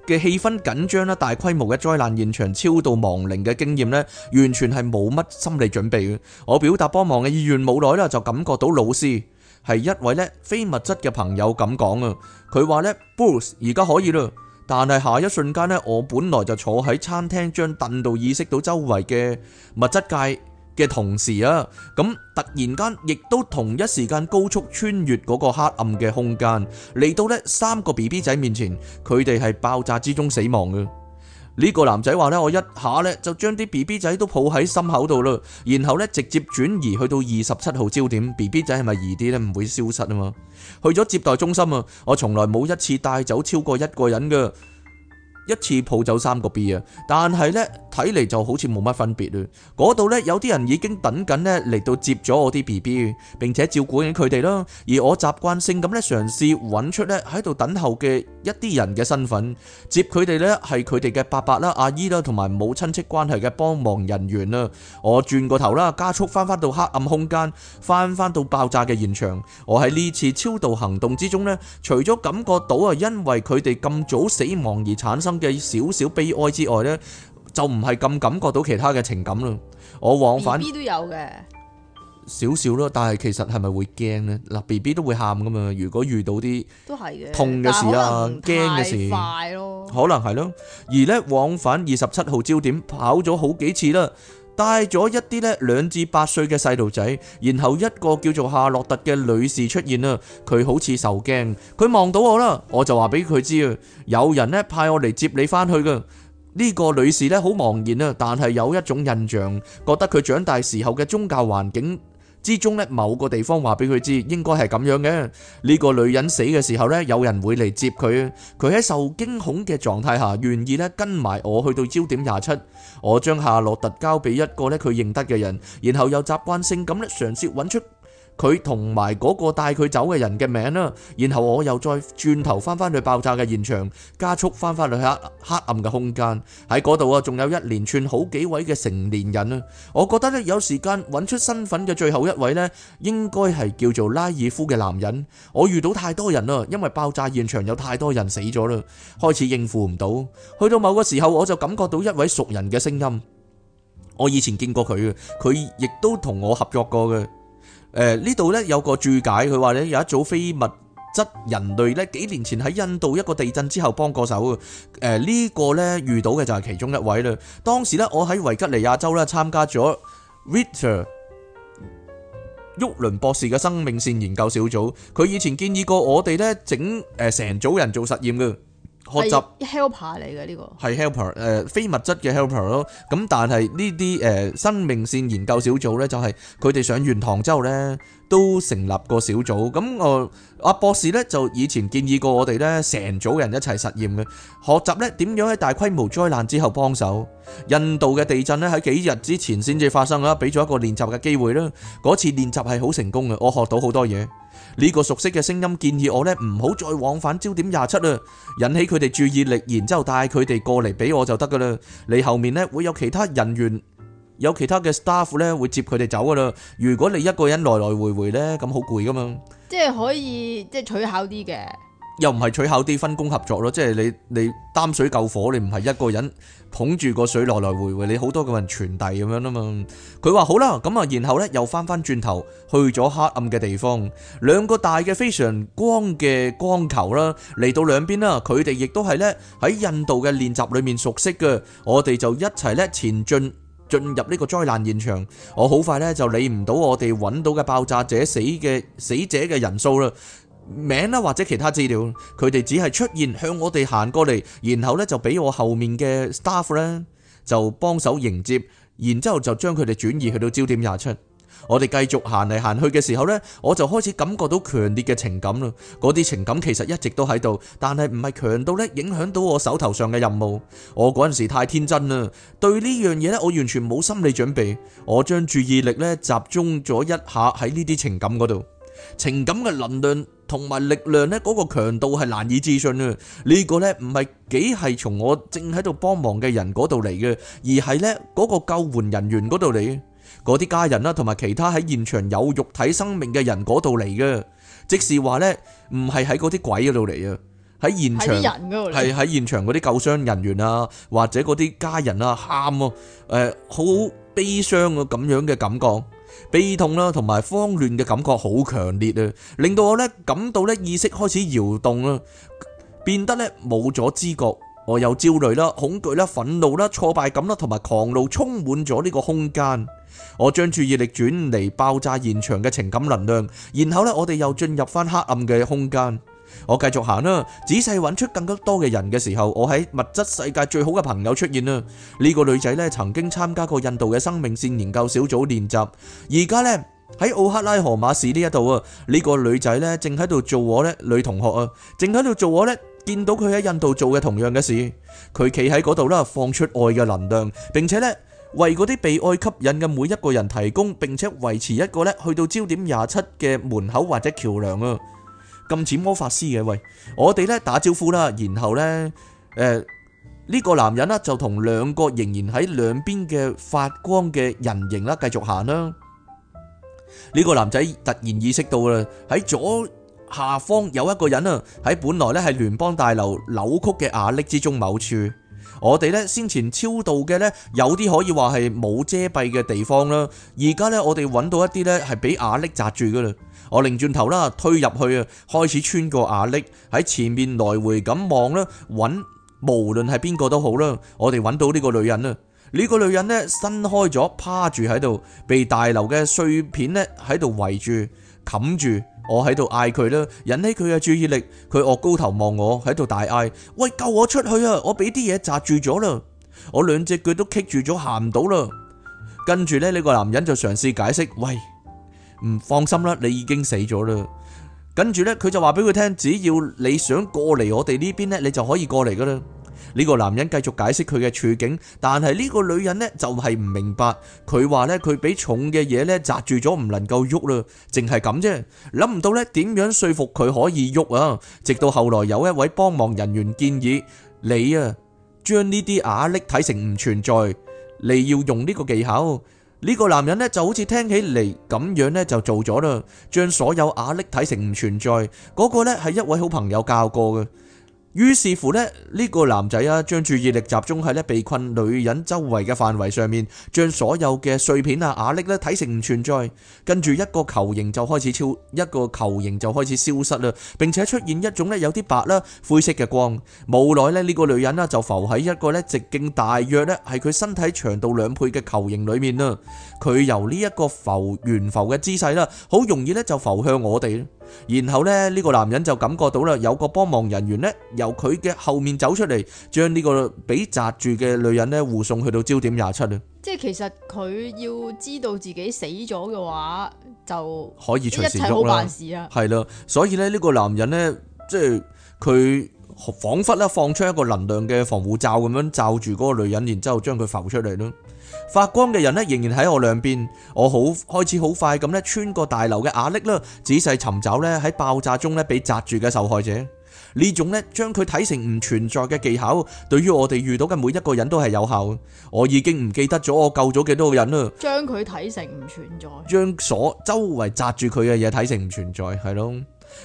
嘅氣氛緊張啦、大規模嘅災難現場、超度亡靈嘅經驗咧，完全係冇乜心理準備嘅。我表達幫忙嘅意願冇耐啦，就感覺到老師。係一位咧非物質嘅朋友咁講啊，佢話咧 Bruce 而家可以啦，但係下一瞬間咧，我本來就坐喺餐廳張凳度意識到周圍嘅物質界嘅同時啊，咁突然間亦都同一時間高速穿越嗰個黑暗嘅空間，嚟到呢三個 B B 仔面前，佢哋係爆炸之中死亡嘅。呢個男仔話咧：我一下咧就將啲 B B 仔都抱喺心口度啦，然後咧直接轉移去到二十七號焦點，B B 仔係咪易啲咧？唔會消失啊嘛！去咗接待中心啊，我從來冇一次帶走超過一個人㗎。一次抱走三個 B 啊！但係呢睇嚟就好似冇乜分別咯。嗰度呢有啲人已經等緊呢嚟到接咗我啲 BB，並且照顧緊佢哋咯。而我習慣性咁呢嘗試揾出呢喺度等候嘅一啲人嘅身份，接佢哋呢係佢哋嘅伯伯啦、阿姨啦，同埋冇親戚關係嘅幫忙人員啊！我轉個頭啦，加速翻翻到黑暗空間，翻翻到爆炸嘅現場。我喺呢次超度行動之中呢，除咗感覺到啊，因為佢哋咁早死亡而產生嘅少少悲哀之外呢，就唔係咁感覺到其他嘅情感咯。我往返 B B 都有嘅少少咯，但係其實係咪會驚呢？嗱，B B 都會喊噶嘛。如果遇到啲都係嘅痛嘅事啊，驚嘅事，可能係咯。而呢往返二十七號焦點跑咗好幾次啦。帶咗一啲咧，兩至八歲嘅細路仔，然後一個叫做夏洛特嘅女士出現啊，佢好似受驚，佢望到我啦，我就話俾佢知啊，有人咧派我嚟接你翻去噶。呢個女士咧好茫然啊，但係有一種印象，覺得佢長大時候嘅宗教環境。之中呢，某個地方話俾佢知應該係咁樣嘅。呢個女人死嘅時候呢，有人會嚟接佢。佢喺受驚恐嘅狀態下，願意呢跟埋我去到焦點廿七。我將夏洛特交俾一個呢佢認得嘅人，然後又習慣性咁咧嘗試揾出。佢同埋嗰個帶佢走嘅人嘅名啦，然後我又再轉頭翻返去爆炸嘅現場，加速翻返去黑黑暗嘅空間，喺嗰度啊，仲有一連串好幾位嘅成年人啊，我覺得咧有時間揾出身份嘅最後一位呢，應該係叫做拉爾夫嘅男人。我遇到太多人啦，因為爆炸現場有太多人死咗啦，開始應付唔到。去到某個時候，我就感覺到一位熟人嘅聲音，我以前見過佢，佢亦都同我合作過嘅。誒，呢度咧有個註解，佢話咧有一組非物質人類咧幾年前喺印度一個地震之後幫過手嘅。誒呢個咧遇到嘅就係其中一位啦。當時咧我喺維吉尼亞州咧參加咗 Richard 沃倫博士嘅生命線研究小組，佢以前建議過我哋咧整誒成組人做實驗嘅。學習 helper 嚟、呃、嘅呢個係 helper，誒非物質嘅 helper 咯。咁但係呢啲誒生命線研究小組咧，就係佢哋上完堂之後咧，都成立個小組，咁我阿、啊、博士呢，就以前建議過我哋呢成組人一齊實驗嘅學習呢，點樣喺大規模災難之後幫手。印度嘅地震呢，喺幾日之前先至發生啊，俾咗一個練習嘅機會啦。嗰次練習係好成功嘅，我學到好多嘢。呢、呢個熟悉嘅聲音建議我呢，唔好再往返焦點廿七啦，引起佢哋注意力，然之後帶佢哋過嚟俾我就得噶啦。你後面呢，會有其他人員。有其他嘅 staff 咧，會接佢哋走噶啦。如果你一個人來來回回咧，咁好攰噶嘛。即係可以，即係取巧啲嘅。又唔係取巧啲，分工合作咯。即係你你擔水救火，你唔係一個人捧住個水來來回回，你好多個人傳遞咁樣啊嘛。佢話好啦，咁啊，然後咧又翻翻轉頭去咗黑暗嘅地方。兩個大嘅非常光嘅光球啦，嚟到兩邊啦，佢哋亦都係咧喺印度嘅練習裏面熟悉嘅。我哋就一齊咧前進。進入呢個災難現場，我好快呢就理唔到我哋揾到嘅爆炸者死嘅死者嘅人數啦，名啦，或者其他資料，佢哋只係出現向我哋行過嚟，然後呢就俾我後面嘅 staff 咧就幫手迎接，然之後就將佢哋轉移去到焦點廿七。我哋繼續行嚟行去嘅時候呢，我就開始感覺到強烈嘅情感啦。嗰啲情感其實一直都喺度，但係唔係強到呢影響到我手頭上嘅任務。我嗰陣時太天真啦，對呢樣嘢呢，我完全冇心理準備。我將注意力呢集中咗一下喺呢啲情感嗰度。情感嘅能量同埋力量呢，嗰個強度係難以置信啊！呢個呢，唔係幾係從我正喺度幫忙嘅人嗰度嚟嘅，而係呢，嗰個救援人員嗰度嚟嗰啲家人啦，同埋其他喺現場有肉體生命嘅人嗰度嚟嘅，即是話呢，唔係喺嗰啲鬼嗰度嚟嘅，喺現場係喺現場嗰啲救傷人員啊，或者嗰啲家人啊，喊啊，誒，好悲傷啊咁樣嘅感覺，悲痛啦，同埋慌亂嘅感覺好強烈啊，令到我呢感到呢意識開始搖動啦，變得呢冇咗知覺，我有焦慮啦、恐懼啦、憤怒啦、挫敗感啦，同埋狂怒充滿咗呢個空間。我將注意力轉嚟爆炸現場嘅情感能量，然後呢，我哋又進入翻黑暗嘅空間。我繼續行啦，仔細揾出更加多嘅人嘅時候，我喺物質世界最好嘅朋友出現啦。呢個女仔呢曾經參加過印度嘅生命綫研究小組練習，而家呢，喺奧克拉荷馬市呢一度啊，呢個女仔呢正喺度做我呢女同學啊，正喺度做我呢見到佢喺印度做嘅同樣嘅事，佢企喺嗰度啦，放出愛嘅能量，並且呢。為嗰啲被愛吸引嘅每一個人提供並且維持一個呢去到焦點廿七嘅門口或者橋梁啊，咁似魔法師嘅喂，我哋呢打招呼啦，然後呢誒呢個男人啦就同兩個仍然喺兩邊嘅發光嘅人形啦繼續行啦。呢個男仔突然意識到啦，喺左下方有一個人啊，喺本來呢係聯邦大樓扭曲嘅瓦礫之中某處。我哋咧先前超度嘅咧，有啲可以話係冇遮蔽嘅地方啦。而家咧，我哋揾到一啲咧係俾瓦礫砸住噶啦。我擰轉頭啦，推入去啊，開始穿過瓦礫喺前面來回咁望啦，揾無論係邊個都好啦。我哋揾到呢個女人啊，呢、呢個女人咧伸開咗趴住喺度，被大樓嘅碎片咧喺度圍住、冚住。我喺度嗌佢啦，引起佢嘅注意力。佢惡高頭望我，喺度大嗌，喂，救我出去啊！我俾啲嘢砸住咗啦，我兩隻腳都棘住咗，行唔到啦。跟住咧，呢個男人就嘗試解釋，喂，唔放心啦，你已經死咗啦。跟住呢，佢就話俾佢聽，只要你想過嚟我哋呢邊呢，你就可以過嚟噶啦。呢個男人繼續解釋佢嘅處境，但係呢個女人呢就係唔明白。佢話呢，佢俾重嘅嘢呢，砸住咗，唔能夠喐啦，淨係咁啫。諗唔到呢點樣說服佢可以喐啊！直到後來有一位幫忙人員建議你啊，將呢啲瓦礫睇成唔存在。你要用呢個技巧。呢、這個男人呢就好似聽起嚟咁樣呢，就做咗啦，將所有瓦礫睇成唔存在。嗰、那個呢係一位好朋友教過嘅。於是乎咧，呢、呢個男仔啊，將注意力集中喺咧被困女人周圍嘅範圍上面，將所有嘅碎片啊、瓦礫咧睇成唔存在，跟住一個球形就開始超，一個球形就開始消失啦，並且出現一種咧有啲白啦、灰色嘅光。無奈咧，呢、呢個女人啊就浮喺一個咧直徑大約咧係佢身體長度兩倍嘅球形裏面啦。佢由呢一個浮懸浮嘅姿勢啦，好容易咧就浮向我哋。然後咧，呢個男人就感覺到啦，有個幫忙人員呢，由佢嘅後面走出嚟，將呢個被砸住嘅女人呢，護送去到焦點廿七啊。即係其實佢要知道自己死咗嘅話，就可以隨時喐啦。係啦，所以呢，呢個男人呢，即係佢仿佛啦放出一個能量嘅防護罩咁樣罩住嗰個女人，然之後將佢浮出嚟咯。發光嘅人咧，仍然喺我兩邊。我好開始好快咁咧，穿過大樓嘅瓦礫啦，仔細尋找咧，喺爆炸中咧被砸住嘅受害者。呢種咧，將佢睇成唔存在嘅技巧，對於我哋遇到嘅每一個人都係有效。我已經唔記得咗我救咗幾多個人啦。將佢睇成唔存在，將所周圍砸住佢嘅嘢，睇成唔存在，係咯。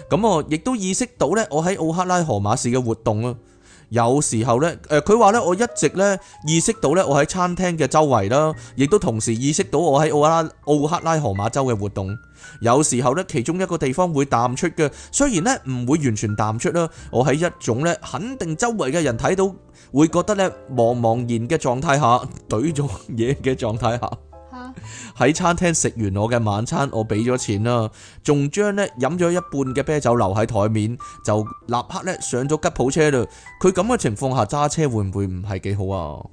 咁我亦都意識到咧，我喺奧克拉荷馬市嘅活動啊。有時候呢，誒佢話呢，我一直呢意識到呢，我喺餐廳嘅周圍啦，亦都同時意識到我喺奧拉奧克拉荷馬州嘅活動。有時候呢，其中一個地方會淡出嘅，雖然呢唔會完全淡出啦。我喺一種呢肯定周圍嘅人睇到會覺得呢茫茫然嘅狀態下，懟咗嘢嘅狀態下。喺 餐廳食完我嘅晚餐，我俾咗錢啦，仲將咧飲咗一半嘅啤酒留喺台面，就立刻咧上咗吉普車咯。佢咁嘅情況下揸車會唔會唔係幾好啊？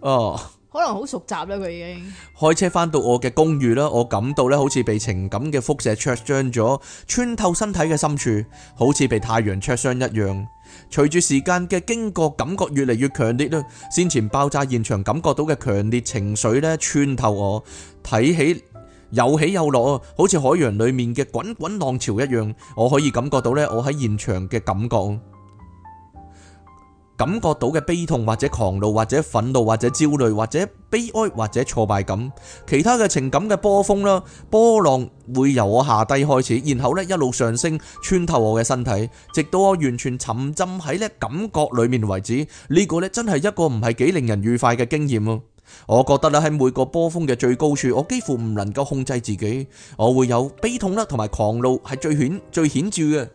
哦、啊，可能好熟習啦，佢已經開車翻到我嘅公寓啦。我感到咧好似被情感嘅輻射灼傷咗，穿透身體嘅深處，好似被太陽灼傷一樣。隨住時間嘅經過，感覺越嚟越強烈咯。先前爆炸現場感覺到嘅強烈情緒咧，穿透我，睇起又起又落，好似海洋裏面嘅滾滾浪潮一樣。我可以感覺到咧，我喺現場嘅感覺。感覺到嘅悲痛，或者狂怒，或者憤怒，或者焦慮，或者悲哀，或者挫敗感，其他嘅情感嘅波峰啦，波浪會由我下低開始，然後呢一路上升，穿透我嘅身體，直到我完全沉浸喺呢感覺裏面為止。呢個呢真係一個唔係幾令人愉快嘅經驗啊！我覺得呢，喺每個波峰嘅最高處，我幾乎唔能夠控制自己，我會有悲痛啦，同埋狂怒係最顯最顯著嘅，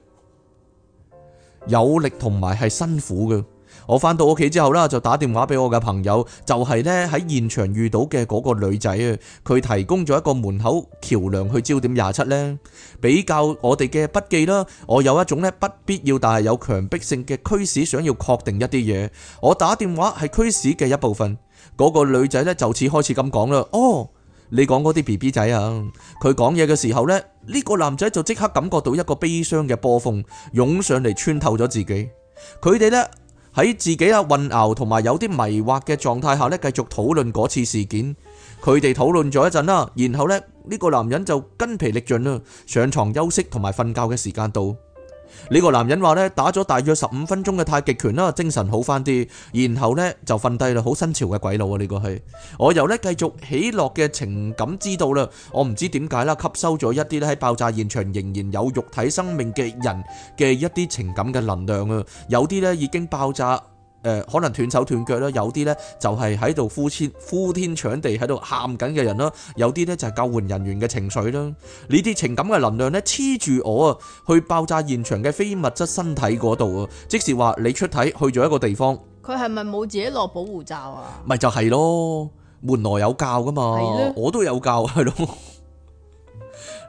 有力同埋係辛苦嘅。我翻到屋企之後啦，就打電話俾我嘅朋友，就係呢喺現場遇到嘅嗰個女仔啊。佢提供咗一個門口橋梁去焦點廿七呢，比較我哋嘅筆記啦，我有一種呢不必要但係有強迫性嘅驅使，想要確定一啲嘢。我打電話係驅使嘅一部分。嗰個女仔呢，就此開始咁講啦。哦，你講嗰啲 BB 仔啊？佢講嘢嘅時候呢，呢個男仔就即刻感覺到一個悲傷嘅波峯湧上嚟穿透咗自己。佢哋呢。喺自己啊混淆同埋有啲迷惑嘅狀態下呢，繼續討論嗰次事件。佢哋討論咗一陣啦，然後呢，呢個男人就筋疲力盡啦，上床休息同埋瞓覺嘅時間到。呢個男人話咧打咗大約十五分鐘嘅太極拳啦，精神好翻啲，然後呢就瞓低啦，好新潮嘅鬼佬啊！呢個係我由呢繼續起落嘅情感知道啦，我唔知點解啦，吸收咗一啲咧喺爆炸現場仍然有肉體生命嘅人嘅一啲情感嘅能量啊，有啲呢已經爆炸。誒、呃，可能斷手斷腳啦，有啲呢就係喺度呼天呼天搶地喺度喊緊嘅人啦，有啲呢就係救援人員嘅情緒啦，呢啲情感嘅能量呢，黐住我啊，去爆炸現場嘅非物質身體嗰度啊，即係話你出體去咗一個地方，佢係咪冇自己落保護罩啊？咪就係咯，門羅有教噶嘛，的我都有教係咯，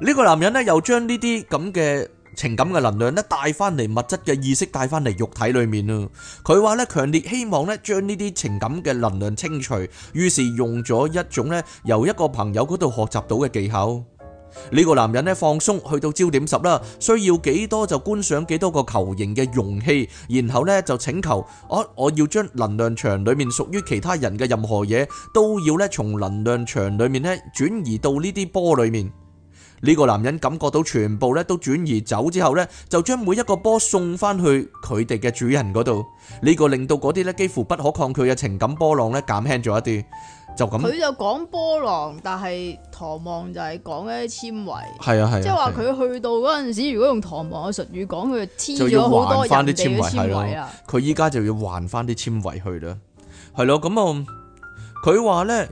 呢 個男人呢，又將呢啲咁嘅。情感嘅能量咧，帶翻嚟物質嘅意識，帶翻嚟肉體裏面咯。佢話咧，強烈希望咧，將呢啲情感嘅能量清除，於是用咗一種咧，由一個朋友嗰度學習到嘅技巧。呢個男人咧，放鬆去到焦點十啦，需要幾多就觀賞幾多個球形嘅容器，然後咧就請求，哦，我要將能量場裏面屬於其他人嘅任何嘢，都要咧從能量場裏面咧轉移到呢啲波裏面。呢個男人感覺到全部咧都轉移走之後咧，就將每一個波送翻去佢哋嘅主人嗰度。呢個令到嗰啲咧幾乎不可抗拒嘅情感波浪咧減輕咗一啲。就咁。佢就講波浪，但係唐望就係講一啲纖維。係啊係，即係話佢去到嗰陣時，如果用唐望嘅術語講，佢黐咗好多人哋嘅纖維啊。佢依家就要還翻啲纖維去啦。係咯，咁啊，佢話咧。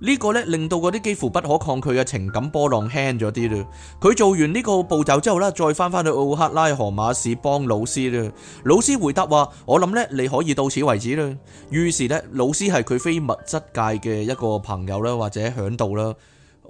呢個咧令到嗰啲幾乎不可抗拒嘅情感波浪輕咗啲啦。佢做完呢個步驟之後呢，再翻翻去奧克拉荷馬市幫老師啦。老師回答話：我諗咧，你可以到此為止啦。於是咧，老師係佢非物質界嘅一個朋友啦，或者響度啦。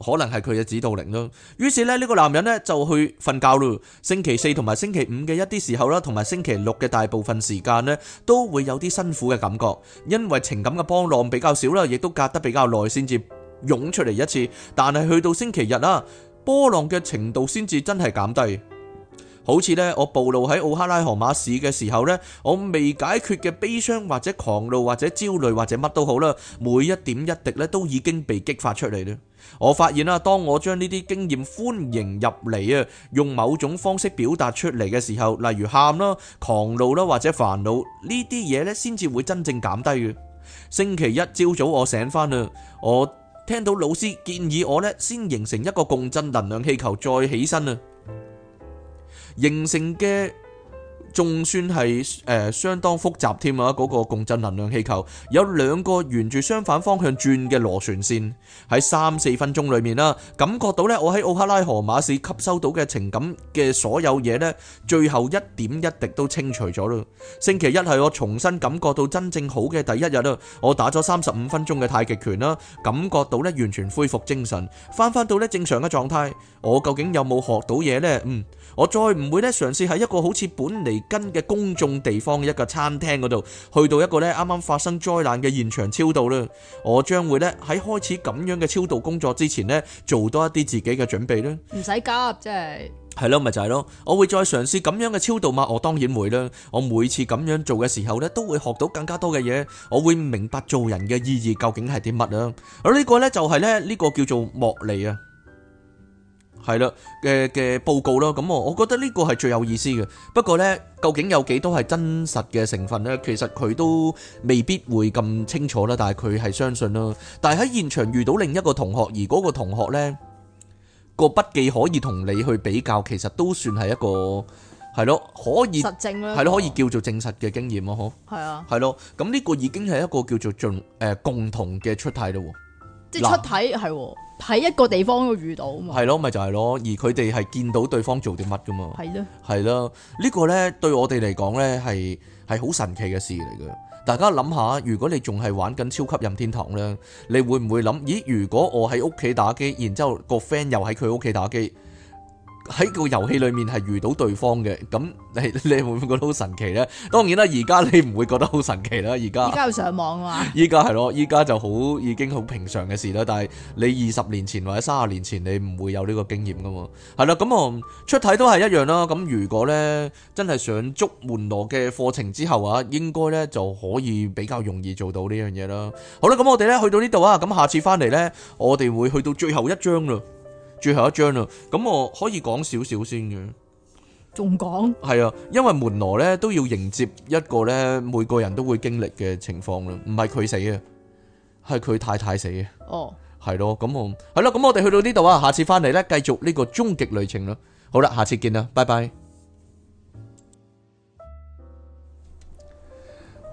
可能係佢嘅指導靈咯，於是咧呢個男人呢，就去瞓覺咯。星期四同埋星期五嘅一啲時候啦，同埋星期六嘅大部分時間呢，都會有啲辛苦嘅感覺，因為情感嘅波浪比較少啦，亦都隔得比較耐先至湧出嚟一次。但係去到星期日啦，波浪嘅程度先至真係減低。好似呢，我暴露喺奧克拉荷馬市嘅時候呢，我未解決嘅悲傷或者狂怒或者焦慮或者乜都好啦，每一點一滴呢都已經被激發出嚟啦。我發現啦，當我將呢啲經驗歡迎入嚟啊，用某種方式表達出嚟嘅時候，例如喊啦、狂怒啦或者煩惱呢啲嘢呢，先至會真正減低嘅。星期一朝早我醒翻啦，我聽到老師建議我呢，先形成一個共振能量氣球再起身啊。形成嘅仲算係誒、呃、相當複雜添啊！嗰、那個共振能量氣球有兩個沿住相反方向轉嘅螺旋線喺三四分鐘裏面啦，感覺到呢，我喺奧克拉荷馬市吸收到嘅情感嘅所有嘢呢，最後一點一滴都清除咗啦。星期一係我重新感覺到真正好嘅第一日啦。我打咗三十五分鐘嘅太極拳啦，感覺到呢完全恢復精神，翻翻到呢正常嘅狀態。我究竟有冇學到嘢呢？嗯。我再唔會咧，嘗試喺一個好似本尼根嘅公眾地方嘅一個餐廳嗰度，去到一個咧啱啱發生災難嘅現場超度啦。我將會咧喺開始咁樣嘅超度工作之前咧，做多一啲自己嘅準備啦。唔使急，即係係咯，咪就係咯。我會再嘗試咁樣嘅超度嘛。我當然會啦。我每次咁樣做嘅時候咧，都會學到更加多嘅嘢。我會明白做人嘅意義究竟係啲乜啦。而呢個咧就係咧呢個叫做莫離啊。係啦嘅嘅報告啦，咁我我覺得呢個係最有意思嘅。不過呢，究竟有幾多係真實嘅成分呢？其實佢都未必會咁清楚啦。但係佢係相信啦。但係喺現場遇到另一個同學，而嗰個同學呢，個筆記可以同你去比較，其實都算係一個係咯，可以實證係咯，可以叫做證實嘅經驗咯。係啊、哦。係咯，咁呢個已經係一個叫做仲誒共同嘅出體啦。即出體係喎，喺一個地方遇到嘛，係咯，咪就係、是、咯，而佢哋係見到對方做啲乜噶嘛，係咯的，係咯，呢、這個咧對我哋嚟講咧係係好神奇嘅事嚟嘅。大家諗下，如果你仲係玩緊超級任天堂咧，你會唔會諗？咦，如果我喺屋企打機，然之後個 friend 又喺佢屋企打機？喺個遊戲裏面係遇到對方嘅，咁你你，你會唔會覺得好神奇呢？當然啦，而家你唔會覺得好神奇啦，而家而家要上網啊嘛，依家係咯，依家就好已經好平常嘅事啦。但係你二十年前或者三十年前，你唔會有呢個經驗噶嘛，係啦。咁我出體都係一樣啦。咁如果呢，真係想捉門羅嘅課程之後啊，應該呢就可以比較容易做到呢樣嘢啦。好啦，咁我哋呢去到呢度啊，咁下次翻嚟呢，我哋會去到最後一章啦。最後一張啊，咁我可以講少少先嘅。仲講？係啊，因為門羅咧都要迎接一個咧，每個人都會經歷嘅情況啦，唔係佢死啊，係佢太太死啊，哦，係咯，咁我係咯，咁我哋去到呢度啊，下次翻嚟咧，繼續呢個終極旅程啦，好啦，下次見啦，拜拜。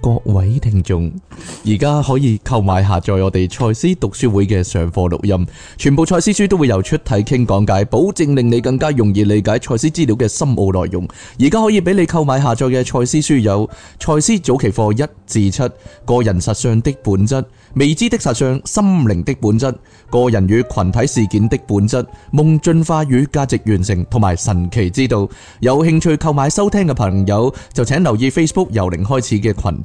各位聽眾，而家可以購買下載我哋賽斯讀書會嘅上課錄音，全部賽斯書都會由出體傾講解，保證令你更加容易理解賽斯資料嘅深奧內容。而家可以俾你購買下載嘅賽斯書有《賽斯早期課一至七》、《個人實相的本質》、《未知的實相》、《心靈的本質》、《個人與群體事件的本質》、《夢進化與價值完成》同埋《神奇之道》。有興趣購買收聽嘅朋友，就請留意 Facebook 由零開始嘅群。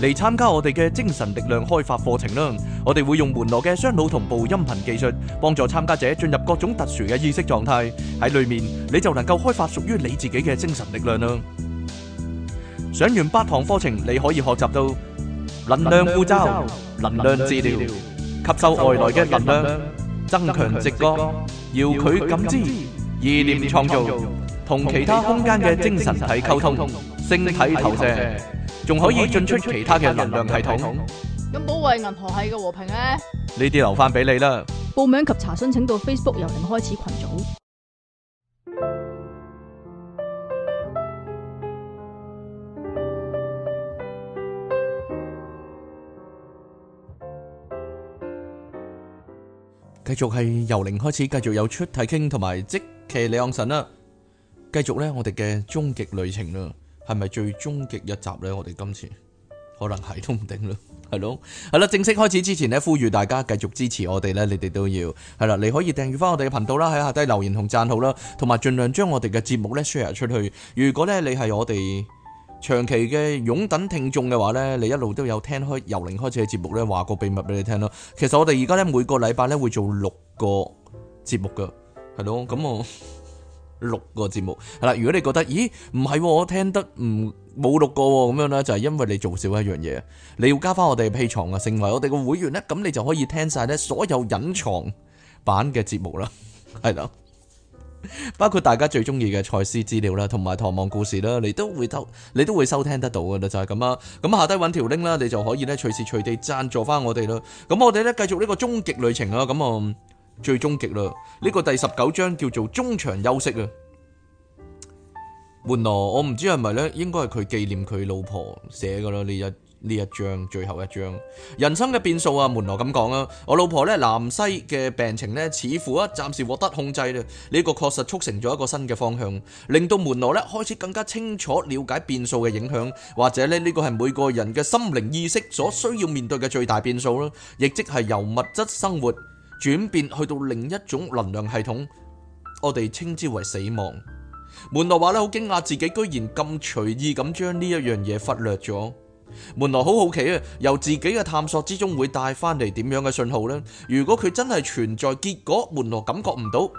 嚟參加我哋嘅精神力量開發課程啦！我哋會用門羅嘅雙腦同步音頻技術，幫助參加者進入各種特殊嘅意識狀態。喺裏面你就能夠開發屬於你自己嘅精神力量啦！上完八堂課程，你可以學習到能量護罩、能量治療、吸收外來嘅能量、增強直覺、遙距感知、意念創造、同其他空間嘅精神體溝通、星體投射。仲可以進出其他嘅能量系統。咁保衛銀河系嘅和平咧？呢啲留翻俾你啦。報名及查詢請到 Facebook 由零開始群組。繼續係由零開始，繼續有出題傾同埋即騎李昂神啦。繼續咧，我哋嘅終極旅程啦。係咪最終極一集呢？我哋今次可能係都唔定啦，係咯，係啦。正式開始之前呢，呼籲大家繼續支持我哋呢。你哋都要係啦。你可以訂閱翻我哋嘅頻道啦，喺下低留言同讚好啦，同埋盡量將我哋嘅節目呢 share 出去。如果呢，你係我哋長期嘅擁躉聽眾嘅話呢，你一路都有聽開由零開始嘅節目呢話個秘密俾你聽咯。其實我哋而家呢，每個禮拜呢會做六個節目噶，係咯，咁我。六個節目係啦，如果你覺得咦，唔係、哦、我聽得唔冇六個咁、哦、樣呢，就係、是、因為你做少一樣嘢，你要加翻我哋嘅屁床啊，成為，我哋個會員呢，咁你就可以聽晒呢所有隱藏版嘅節目啦，係啦，包括大家最中意嘅賽事資料啦，同埋唐望故事啦，你都會收你都會收聽得到嘅啦，就係咁啊，咁下低揾條 link 啦，你就可以呢隨時隨地贊助翻我哋啦，咁我哋呢，繼續呢個終極旅程啊，咁、嗯、啊～最終極啦！呢個第十九章叫做終場休息啊。門羅，我唔知係咪呢，應該係佢紀念佢老婆寫嘅咯，呢一呢一章最後一章。人生嘅變數啊，門羅咁講啊。我老婆呢，南西嘅病情呢，似乎啊暫時獲得控制啦。呢個確實促成咗一個新嘅方向，令到門羅呢開始更加清楚了解變數嘅影響，或者呢，呢個係每個人嘅心靈意識所需要面對嘅最大變數啦，亦即係由物質生活。轉變去到另一種能量系統，我哋稱之為死亡。門羅話咧，好驚訝自己居然咁隨意咁將呢一樣嘢忽略咗。門羅好好奇啊，由自己嘅探索之中會帶翻嚟點樣嘅信號呢？如果佢真係存在，結果門羅感覺唔到，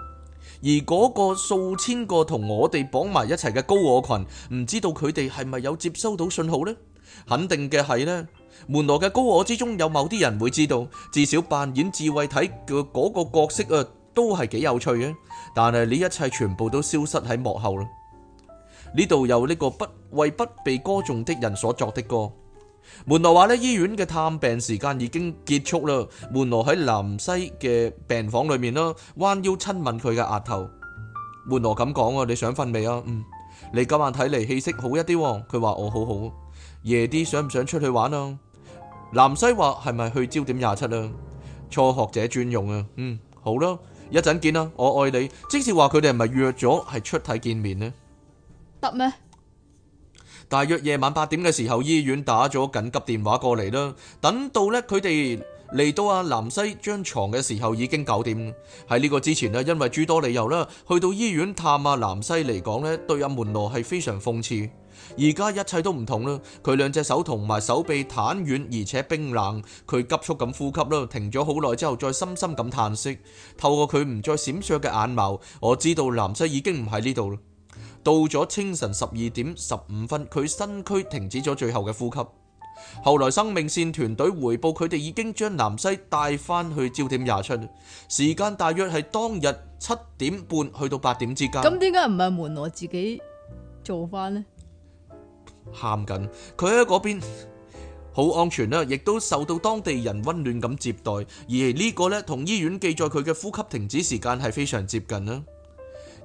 而嗰個數千個同我哋綁埋一齊嘅高我群，唔知道佢哋係咪有接收到信號呢？肯定嘅係呢。門羅嘅高我之中有某啲人會知道，至少扮演智慧體嘅嗰個角色啊，都係幾有趣嘅。但係呢一切全部都消失喺幕後啦。呢度有呢個不為不被歌頌的人所作的歌。門羅話，呢醫院嘅探病時間已經結束啦。門羅喺南西嘅病房裏面咯，彎腰親吻佢嘅額頭。門羅咁講啊，你想瞓未啊？嗯，你今晚睇嚟氣息好一啲。佢話我好好，夜啲想唔想出去玩啊？南西話，係咪去焦點廿七啦？初學者專用啊。嗯，好啦，一陣見啦，我愛你。即是話佢哋係咪約咗係出體見面咧？得咩嗎？大約夜晚八點嘅時候，醫院打咗緊急電話過嚟啦。等到呢，佢哋嚟到阿南西張床嘅時候，已經九點。喺呢個之前咧，因為諸多理由啦，去到醫院探阿南西嚟講呢對阿門羅係非常諷刺。而家一切都唔同啦，佢兩隻手同埋手臂癱軟，而且冰冷，佢急速咁呼吸啦，停咗好耐之後再深深咁嘆息。透過佢唔再閃爍嘅眼眸，我知道南西已經唔喺呢度啦。到咗清晨十二點十五分，佢身軀停止咗最後嘅呼吸。後來生命線團隊回報佢哋已經將南西帶返去焦點亞春，時間大約係當日七點半去到八點之間。咁點解唔係門羅自己做翻呢？喊緊，佢喺嗰邊好安全啦，亦都受到當地人溫暖咁接待，而呢個呢，同醫院記載佢嘅呼吸停止時間係非常接近啦。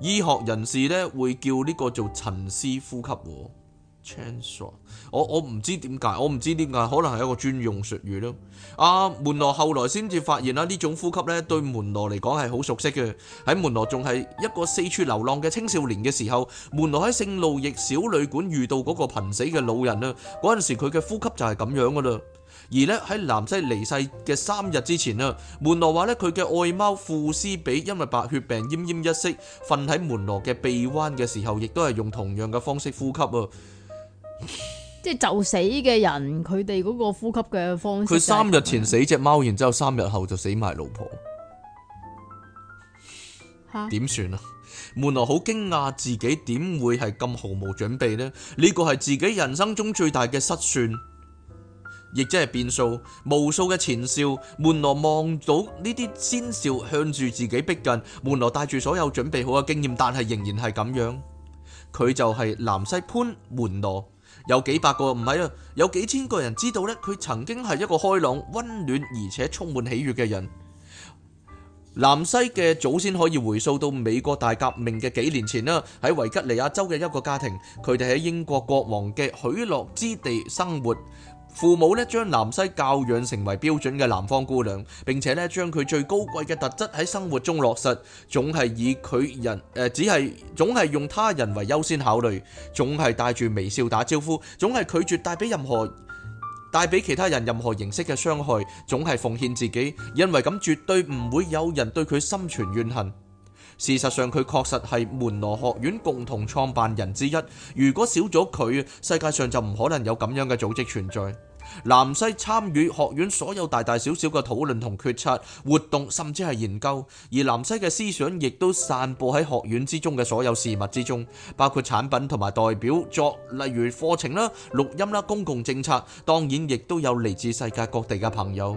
醫學人士呢，會叫呢個做沉思呼吸喎。青爽，我我唔知點解，我唔知點解，可能係一個專用術語咯。阿門羅後來先至發現啦，呢種呼吸咧對門羅嚟講係好熟悉嘅。喺門羅仲係一個四處流浪嘅青少年嘅時候，門羅喺聖路易小旅館遇到嗰個瀕死嘅老人啦。嗰陣時佢嘅呼吸就係咁樣噶啦。而咧喺南西離世嘅三日之前啊，門羅話咧佢嘅愛貓傅斯比因為白血病奄奄一息，瞓喺門羅嘅臂彎嘅時候，亦都係用同樣嘅方式呼吸啊。即係就死嘅人，佢哋嗰個呼吸嘅方式。佢三日前死隻貓，然之後三日後就死埋老婆。吓？點算啊？門羅好驚訝自己點會係咁毫無準備呢？呢個係自己人生中最大嘅失算，亦即係變數。無數嘅前兆，門羅望到呢啲先兆向住自己逼近，門羅帶住所有準備好嘅經驗，但係仍然係咁樣。佢就係南西潘門羅。有幾百個唔係啊，有幾千個人知道呢。佢曾經係一個開朗、溫暖而且充滿喜悅嘅人。南西嘅祖先可以回溯到美國大革命嘅幾年前啦，喺維吉尼亞州嘅一個家庭，佢哋喺英國國王嘅許諾之地生活。父母咧將南西教養成為標準嘅南方姑娘，並且咧將佢最高貴嘅特質喺生活中落實，總係以佢人誒、呃，只係總係用他人為優先考慮，總係帶住微笑打招呼，總係拒絕帶俾任何帶俾其他人任何形式嘅傷害，總係奉獻自己，因為咁絕對唔會有人對佢心存怨恨。事實上，佢確實係門羅學院共同創辦人之一。如果少咗佢，世界上就唔可能有咁樣嘅組織存在。南西參與學院所有大大小小嘅討論同決策活動，甚至係研究。而南西嘅思想亦都散佈喺學院之中嘅所有事物之中，包括產品同埋代表作，例如課程啦、錄音啦、公共政策。當然，亦都有嚟自世界各地嘅朋友。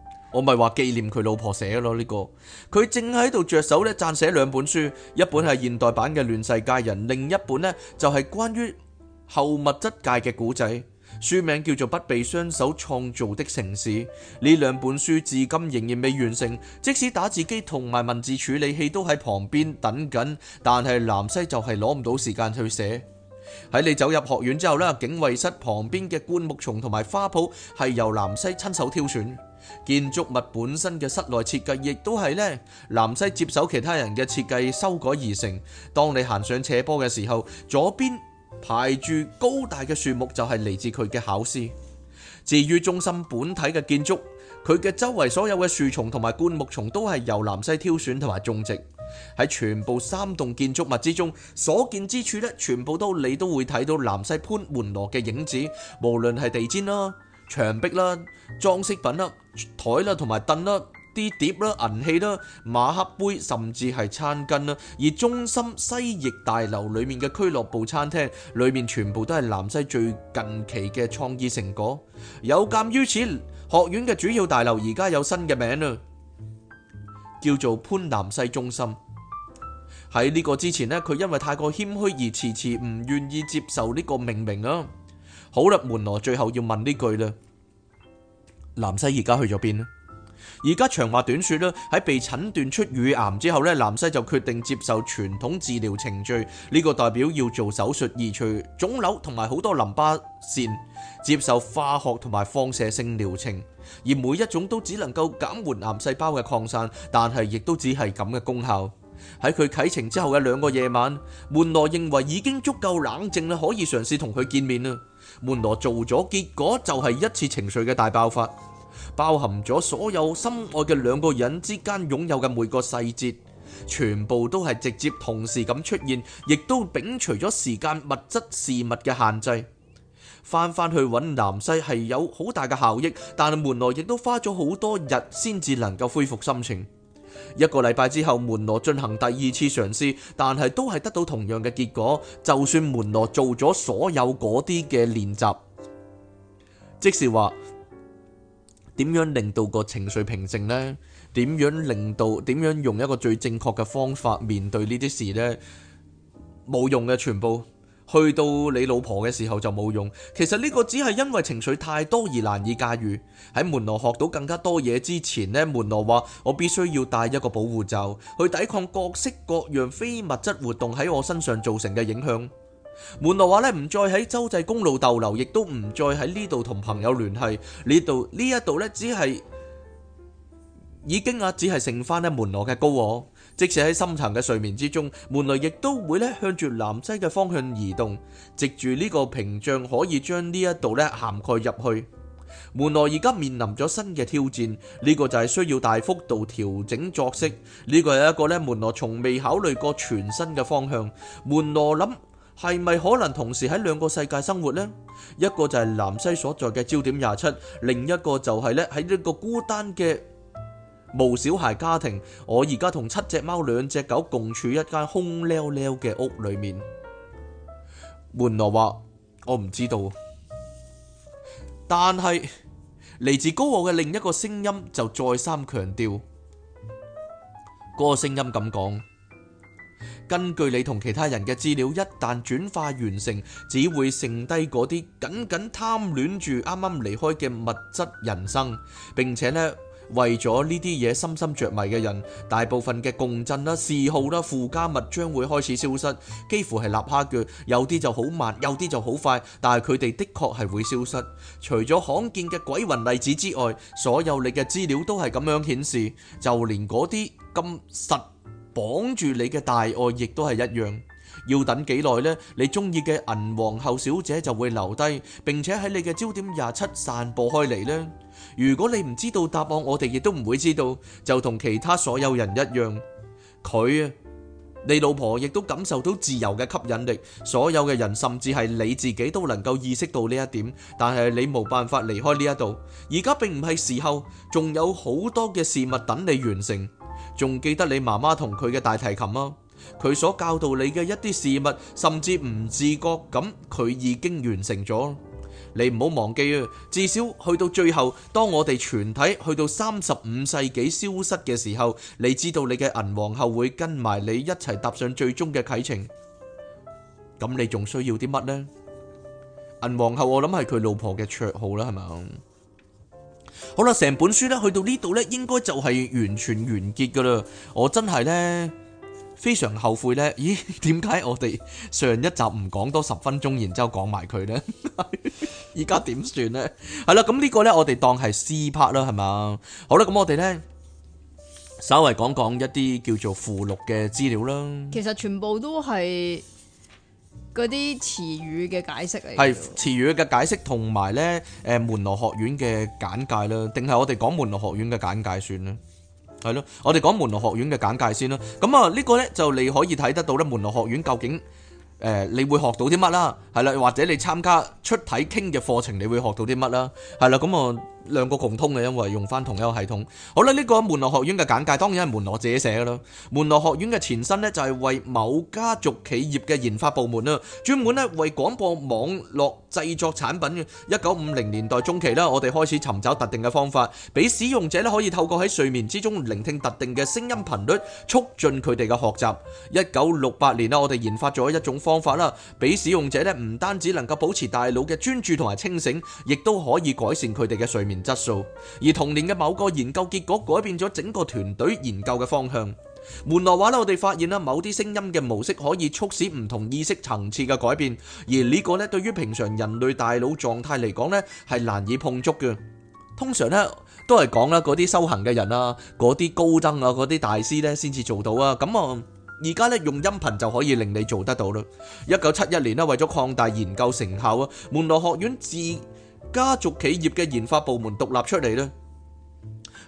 我咪話紀念佢老婆寫咯呢個，佢正喺度着手咧撰寫兩本書，一本係現代版嘅《亂世佳人》，另一本呢，就係關於後物質界嘅古仔，書名叫做《不被雙手創造的城市》。呢兩本書至今仍然未完成，即使打字機同埋文字處理器都喺旁邊等緊，但係南西就係攞唔到時間去寫。喺你走入學院之後呢，警衛室旁邊嘅灌木叢同埋花圃係由南西親手挑選。建築物本身嘅室內設計亦都係呢，南西接手其他人嘅設計修改而成。當你行上斜坡嘅時候，左邊排住高大嘅樹木就係嚟自佢嘅考思。至於中心本體嘅建築，佢嘅周圍所有嘅樹叢同埋灌木叢都係由南西挑選同埋種植。喺全部三棟建築物之中，所見之處呢，全部都你都會睇到南西潘門羅嘅影子，無論係地氈啦。牆壁啦、裝飾品啦、枱啦、同埋凳啦、啲碟啦、銀器啦、馬克杯甚至係餐巾啦。而中心西翼大樓裡面嘅俱樂部餐廳裏面，全部都係南西最近期嘅創意成果。有鑑於此，學院嘅主要大樓而家有新嘅名啦，叫做潘南西中心。喺呢個之前咧，佢因為太過謙虛而遲遲唔願意接受呢個命名啊。好啦，門羅最後要問呢句啦。南西而家去咗邊呢？而家長話短說啦，喺被診斷出乳癌之後呢，南西就決定接受傳統治療程序。呢個代表要做手術移除腫瘤，同埋好多淋巴腺，接受化學同埋放射性療程。而每一種都只能夠減緩癌細胞嘅擴散，但係亦都只係咁嘅功效。喺佢啟程之後嘅兩個夜晚，門羅認為已經足夠冷靜啦，可以嘗試同佢見面啦。門羅做咗，結果就係一次情緒嘅大爆發，包含咗所有心愛嘅兩個人之間擁有嘅每個細節，全部都係直接同時咁出現，亦都摒除咗時間、物質、事物嘅限制。返返去揾南西係有好大嘅效益，但係門羅亦都花咗好多日先至能夠恢復心情。一個禮拜之後，門羅進行第二次嘗試，但係都係得到同樣嘅結果。就算門羅做咗所有嗰啲嘅練習，即是話點樣令到個情緒平靜呢？點樣令到？點樣用一個最正確嘅方法面對呢啲事呢？冇用嘅，全部。去到你老婆嘅時候就冇用，其實呢個只係因為情緒太多而難以駕馭。喺門羅學到更加多嘢之前呢，門羅話，我必須要帶一個保護罩去抵抗各式各樣非物質活動喺我身上造成嘅影響。門羅話呢，唔再喺州際公路逗留，亦都唔再喺呢度同朋友聯繫。呢度呢一度呢，只係已經啊，只係剩翻，呢，門羅嘅高我。即使喺深層嘅睡眠之中，門羅亦都會咧向住南西嘅方向移動，藉住呢個屏障可以將呢一度咧涵蓋入去。門羅而家面臨咗新嘅挑戰，呢個就係需要大幅度調整作息。呢個係一個咧門羅從未考慮過全新嘅方向。門羅諗係咪可能同時喺兩個世界生活呢？一個就係南西所在嘅焦點廿七，另一個就係咧喺呢個孤單嘅。無小孩家庭，我而家同七隻貓、兩隻狗共處一間空溜溜嘅屋裏面。門羅話：我唔知道，但係嚟自高傲嘅另一個聲音就再三強調。嗰個聲音咁講：根據你同其他人嘅資料，一旦轉化完成，只會剩低嗰啲僅僅貪戀住啱啱離開嘅物質人生，並且呢。為咗呢啲嘢，深深着迷嘅人，大部分嘅共振啦、嗜好啦、附加物將會開始消失，幾乎係立下腳，有啲就好慢，有啲就好快，但係佢哋的確係會消失。除咗罕見嘅鬼魂例子之外，所有你嘅資料都係咁樣顯示，就連嗰啲咁實綁住你嘅大愛，亦都係一樣。要等幾耐呢？你中意嘅銀皇后小姐就會留低，並且喺你嘅焦點廿七散播開嚟呢。如果你唔知道答案，我哋亦都唔會知道，就同其他所有人一樣。佢啊，你老婆亦都感受到自由嘅吸引力，所有嘅人甚至係你自己都能夠意識到呢一點。但係你冇辦法離開呢一度。而家並唔係時候，仲有好多嘅事物等你完成。仲記得你媽媽同佢嘅大提琴啊，佢所教導你嘅一啲事物，甚至唔自覺咁，佢已經完成咗。你唔好忘記啊！至少去到最後，當我哋全體去到三十五世紀消失嘅時候，你知道你嘅銀皇后會跟埋你一齊踏上最終嘅啟程。咁你仲需要啲乜呢？銀皇后我諗係佢老婆嘅綽號啦，係咪？好啦，成本書呢，去到呢度呢，應該就係完全完結噶啦。我真係呢。非常後悔呢。咦？點解我哋上一集唔講多十分鐘，然之後講埋佢呢？依家點算呢？係啦， 咁呢個呢，我哋當係 C part 啦，係嘛？好啦，咁我哋呢，稍微講講一啲叫做附錄嘅資料啦。其實全部都係嗰啲詞語嘅解釋嚟嘅，係詞語嘅解釋同埋呢、誒門羅學院嘅簡介啦，定係我哋講門羅學院嘅簡介算呢？係咯，我哋講門諾學院嘅簡介先啦。咁、嗯、啊，呢、這個呢，就你可以睇得到咧，門諾學院究竟誒、呃、你會學到啲乜啦？係啦，或者你參加出體傾嘅課程你會學到啲乜啦？係啦，咁、嗯、啊。嗯兩個共通嘅，因為用翻同一個系統。好啦，呢、這個門羅學院嘅簡介當然係門羅自己寫嘅啦。門羅學院嘅前身呢，就係為某家族企業嘅研發部門啦，專門呢，為廣播網絡製作產品嘅。一九五零年代中期呢，我哋開始尋找特定嘅方法，俾使用者呢，可以透過喺睡眠之中聆聽特定嘅聲音頻率，促進佢哋嘅學習。一九六八年呢，我哋研發咗一種方法啦，俾使用者呢，唔單止能夠保持大腦嘅專注同埋清醒，亦都可以改善佢哋嘅睡眠。質素，而同年嘅某個研究結果改變咗整個團隊研究嘅方向。門羅話咧，我哋發現啦，某啲聲音嘅模式可以促使唔同意識層次嘅改變，而呢個咧，對於平常人類大腦狀態嚟講咧係難以碰觸嘅。通常咧都係講啦，嗰啲修行嘅人啊，嗰啲高僧啊，嗰啲大師咧先至做到啊。咁啊，而家咧用音頻就可以令你做得到啦。一九七一年咧，為咗擴大研究成效啊，門羅學院自家族企業嘅研發部門獨立出嚟啦。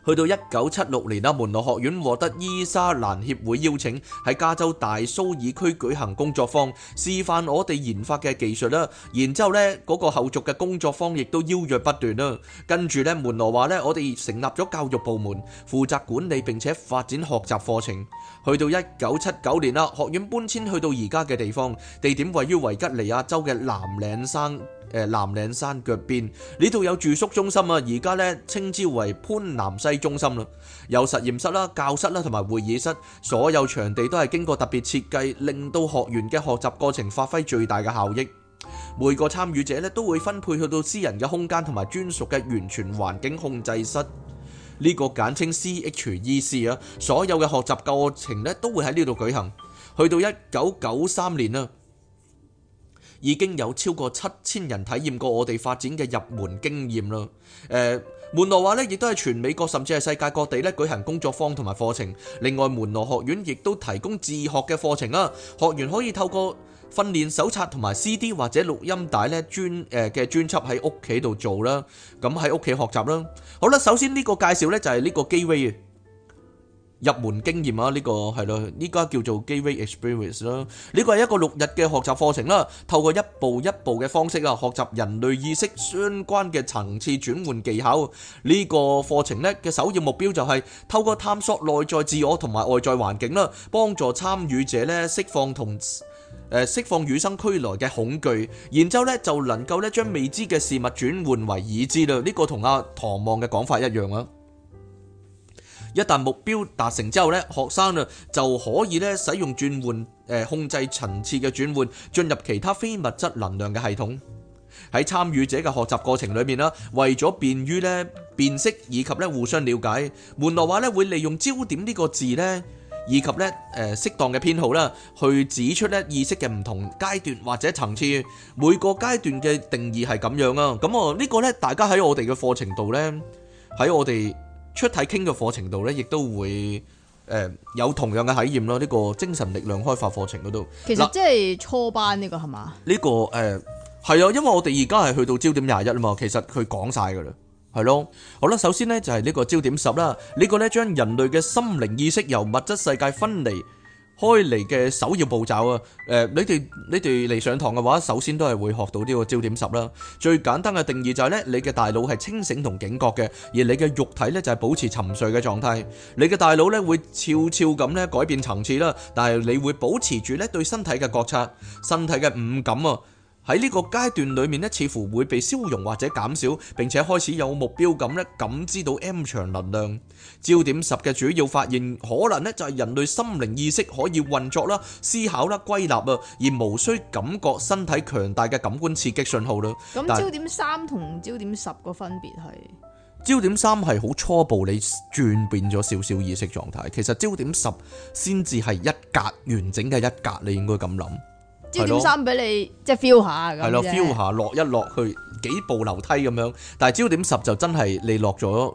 去到一九七六年啊，門羅學院獲得伊莎蘭協會邀請喺加州大蘇爾區舉行工作坊，示範我哋研發嘅技術啦。然之後咧，嗰個後續嘅工作坊亦都邀約不斷啦。跟住咧，門羅話咧，我哋成立咗教育部門，負責管理並且發展學習課程。去到一九七九年啦，學院搬遷去到而家嘅地方，地點位於維吉尼亞州嘅藍嶺山。誒南嶺山腳邊呢度有住宿中心啊，而家咧稱之為潘南西中心啦，有實驗室啦、教室啦同埋會議室，所有場地都係經過特別設計，令到學員嘅學習過程發揮最大嘅效益。每個參與者咧都會分配去到私人嘅空間同埋專屬嘅完全環境控制室，呢、這個簡稱 CHES 啊。所有嘅學習過程咧都會喺呢度舉行。去到一九九三年啊，已經有超過七千人體驗過我哋發展嘅入門經驗啦。誒、呃，門羅話咧，亦都係全美國甚至係世界各地咧舉行工作坊同埋課程。另外，門羅學院亦都提供自學嘅課程啊，學員可以透過訓練手冊同埋 CD 或者錄音帶咧專誒嘅專輯喺屋企度做啦。咁喺屋企學習啦。好啦，首先呢個介紹呢就係呢個機會。入門經驗啊，呢個係咯，依家叫做 Gateway Experience 咯，呢個係一個六日嘅學習課程啦。透過一步一步嘅方式啊，學習人類意識相關嘅層次轉換技巧。呢個課程呢嘅首要目標就係透過探索內在自我同埋外在環境啦，幫助參與者呢釋放同誒釋放與生俱來嘅恐懼，然之後呢就能夠呢將未知嘅事物轉換為已知啦。呢個同阿唐望嘅講法一樣啊。一旦目標達成之後咧，學生啊就可以咧使用轉換誒控制層次嘅轉換，進入其他非物質能量嘅系統。喺參與者嘅學習過程裏面啦，為咗便於咧辨識以及咧互相了解，門羅話咧會利用焦點呢個字咧，以及咧誒適當嘅編號啦，去指出咧意識嘅唔同階段或者層次，每個階段嘅定義係咁樣啊。咁我呢個咧，大家喺我哋嘅課程度咧，喺我哋，出體傾嘅課程度咧，亦都會誒有同樣嘅體驗咯。呢個精神力量開發課程嗰度，其實即係初班呢個係嘛？呢個誒係啊，因為我哋而家係去到焦點廿一啊嘛，其實佢講晒噶啦，係咯。好啦，首先呢就係呢個焦點十啦，呢個呢，將人類嘅心靈意識由物質世界分離。嗯開嚟嘅首要步驟啊，誒、呃，你哋你哋嚟上堂嘅話，首先都係會學到呢個焦點十啦。最簡單嘅定義就係、是、呢你嘅大腦係清醒同警覺嘅，而你嘅肉體呢就係保持沉睡嘅狀態。你嘅大腦呢會悄悄咁咧改變層次啦，但係你會保持住呢對身體嘅覺察，身體嘅五感啊。喺呢個階段裏面咧，似乎會被消融或者減少，並且開始有目標感咧，感知到 M 場能量。焦點十嘅主要發現可能咧就係人類心靈意識可以運作啦、思考啦、歸納啊，而無需感覺身體強大嘅感官刺激信號啦。咁焦點三同焦點十個分別係？焦點三係好初步，你轉變咗少少意識狀態。其實焦點十先至係一格完整嘅一格，你應該咁諗。焦點三俾你即係 feel 下咁，係咯，feel 下落一落去幾步樓梯咁樣，但係焦點十就真係你落咗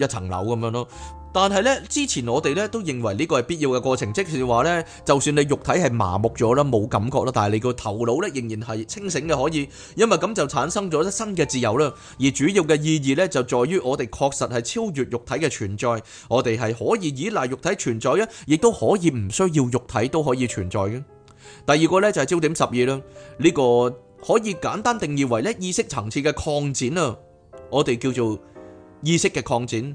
一層樓咁樣咯。但係咧，之前我哋咧都認為呢個係必要嘅過程，即是話咧，就算你肉體係麻木咗啦，冇感覺啦，但係你個頭腦咧仍然係清醒嘅，可以，因為咁就產生咗一新嘅自由啦。而主要嘅意義咧，就在於我哋確實係超越肉體嘅存在，我哋係可以依賴肉體存在嘅，亦都可以唔需要肉體都可以存在嘅。第二個呢，就係焦點十二啦，呢、這個可以簡單定義為呢意識層次嘅擴展啦，我哋叫做意識嘅擴展。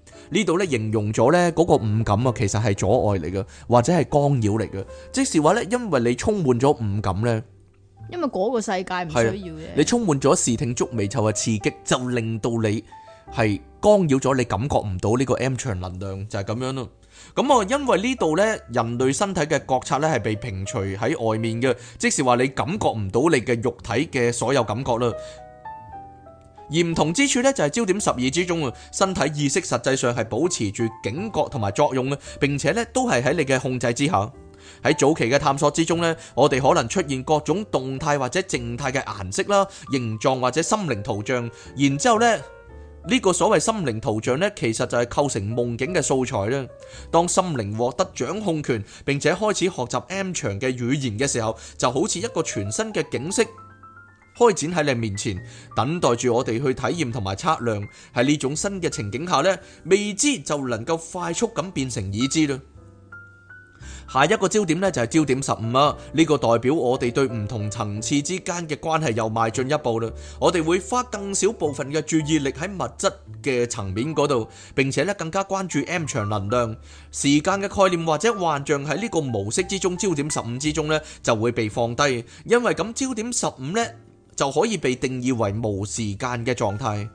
呢度咧形容咗咧嗰個五感啊，其實係阻礙嚟噶，或者係干擾嚟噶。即是話咧，因為你充滿咗五感咧，因為嗰個世界唔需要嘅。你充滿咗視聽觸味嗅嘅刺激，就令到你係干擾咗你感覺唔到呢個 M 場能量，就係咁樣咯。咁我因為呢度咧，人類身體嘅覺察咧係被屏除喺外面嘅，即是話你感覺唔到你嘅肉體嘅所有感覺啦。而唔同之處咧，就係焦點十二之中啊，身體意識實際上係保持住警覺同埋作用啊，並且咧都係喺你嘅控制之下。喺早期嘅探索之中咧，我哋可能出現各種動態或者靜態嘅顏色啦、形狀或者心靈圖像。然之後咧，呢、這個所謂心靈圖像咧，其實就係構成夢境嘅素材啦。當心靈獲得掌控權並且開始學習 M 場嘅語言嘅時候，就好似一個全新嘅景色。開展喺你面前，等待住我哋去體驗同埋測量。喺呢種新嘅情景下，呢，未知就能夠快速咁變成已知啦。下一個焦點呢，就係焦點十五啦，呢個代表我哋對唔同層次之間嘅關係又邁進一步啦。我哋會花更少部分嘅注意力喺物質嘅層面嗰度，並且咧更加關注 M 場能量、時間嘅概念或者幻象，喺呢個模式之中，焦點十五之中呢就會被放低，因為咁焦點十五呢，就可以被定義為無時間嘅狀態。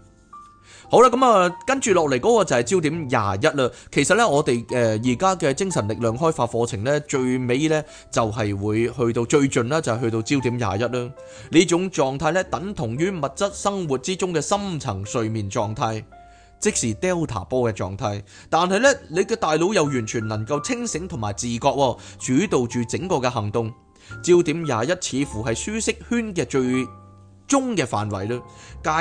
好啦，咁啊，跟住落嚟嗰個就係焦點廿一啦。其實呢，我哋誒而家嘅精神力量開發課程呢，最尾呢就係、是、會去到最盡啦，就係、是、去到焦點廿一啦。呢種狀態呢，等同於物質生活之中嘅深層睡眠狀態，即是 Delta 波嘅狀態。但係呢，你嘅大腦又完全能夠清醒同埋自覺，主導住整個嘅行動。焦點廿一似乎係舒適圈嘅最中嘅範圍啦，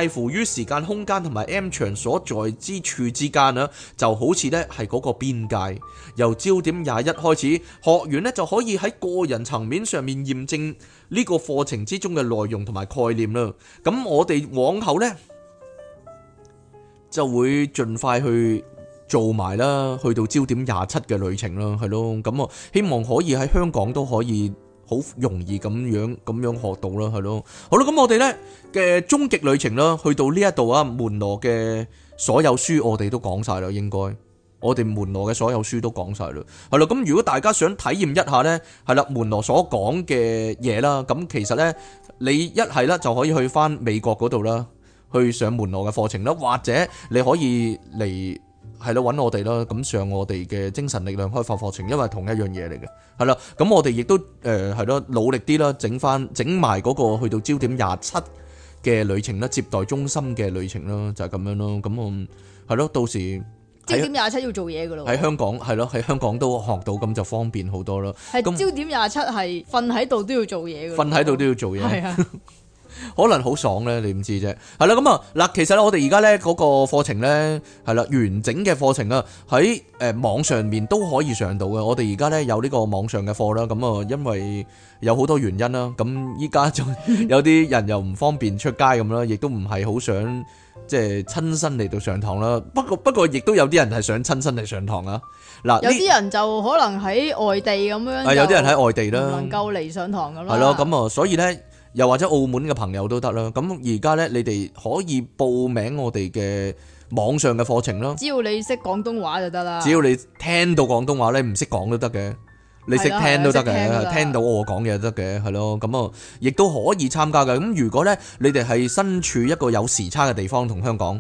介乎於時間空間同埋 M 場所在之處之間啦，就好似呢係嗰個邊界。由焦點廿一開始，學員呢就可以喺個人層面上面驗證呢個課程之中嘅內容同埋概念啦。咁我哋往後呢，就會盡快去做埋啦，去到焦點廿七嘅旅程啦，係咯。咁啊，我希望可以喺香港都可以。好容易咁樣咁樣學到啦，係咯。好啦，咁我哋呢嘅終極旅程啦，去到呢一度啊，門羅嘅所有書我哋都講晒啦，應該。我哋門羅嘅所有書都講晒啦，係啦。咁如果大家想體驗一下呢，係啦，門羅所講嘅嘢啦，咁其實呢，你一係呢就可以去返美國嗰度啦，去上門羅嘅課程啦，或者你可以嚟。係咯，搵我哋咯，咁上我哋嘅精神力量開發課程，因為係同一樣嘢嚟嘅。係啦，咁我哋亦都誒，係咯，努力啲啦，整翻整埋嗰個去到焦點廿七嘅旅程啦，接待中心嘅旅程啦，就係咁樣咯。咁我係咯，到時焦點廿七要做嘢噶啦。喺香港係咯，喺香港都學到，咁就方便好多啦。係，焦點廿七係瞓喺度都要做嘢噶。瞓喺度都要做嘢。係啊。可能好爽咧，你唔知啫。係啦，咁啊嗱，其實咧，我哋而家咧嗰個課程咧，係啦完整嘅課程啊，喺誒網上面都可以上到嘅。我哋而家咧有呢個網上嘅課啦。咁啊，因為有好多原因啦，咁依家仲有啲人又唔方便出街咁啦，亦都唔係好想即係親身嚟到上堂啦。不過不過，亦都有啲人係想親身嚟上堂啊。嗱，有啲人就可能喺外地咁樣。有啲人喺外地啦，唔能夠嚟上堂㗎咯。係咯，咁啊，所以咧。又或者澳門嘅朋友都得啦，咁而家呢，你哋可以報名我哋嘅網上嘅課程咯。只要你識廣東話就得啦。只要你聽到廣東話咧，唔識講都得嘅，你識聽都得嘅，聽，聽到我講嘢都得嘅，係咯。咁啊，亦都可以參加嘅。咁如果呢，你哋係身處一個有時差嘅地方同香港，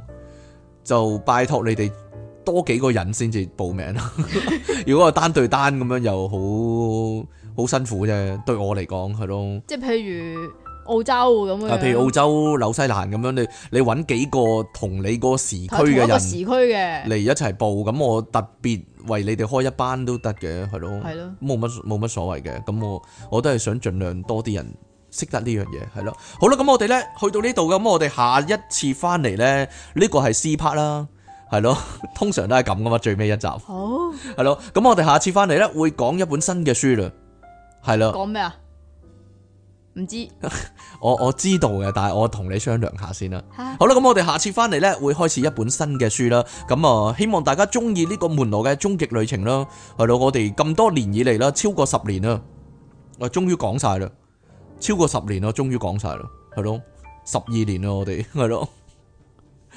就拜託你哋多幾個人先至報名啦。 如果係單對單咁樣，又好好辛苦啫。對我嚟講係咯。即係譬如。澳洲咁樣，嗱，譬如澳洲紐西蘭咁樣，你你搵幾個同你時區同個時區嘅人嚟一齊報，咁我特別為你哋開一班都得嘅，係咯，係咯的，冇乜冇乜所謂嘅，咁我我都係想盡量多啲人識得呢樣嘢，係咯，好啦，咁我哋咧去到呢度，咁我哋下一次翻嚟咧，呢、這個係 C part 啦，係咯，通常都係咁噶嘛，最尾一集，好、oh.，係咯，咁我哋下次翻嚟咧會講一本新嘅書啦，係啦，講咩啊？唔知， 我我知道嘅，但係我同你商量下先啦。啊、好啦，咁我哋下次翻嚟呢，會開始一本新嘅書啦。咁啊，希望大家中意呢個門羅嘅終極旅程啦。係咯，我哋咁多年以嚟啦，超過十年啦，我終於講晒啦，超過十年啦，終於講晒啦。係咯，十二年啦，我哋係咯，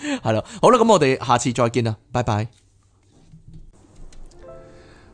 係 啦。好啦，咁我哋下次再見啦，拜拜。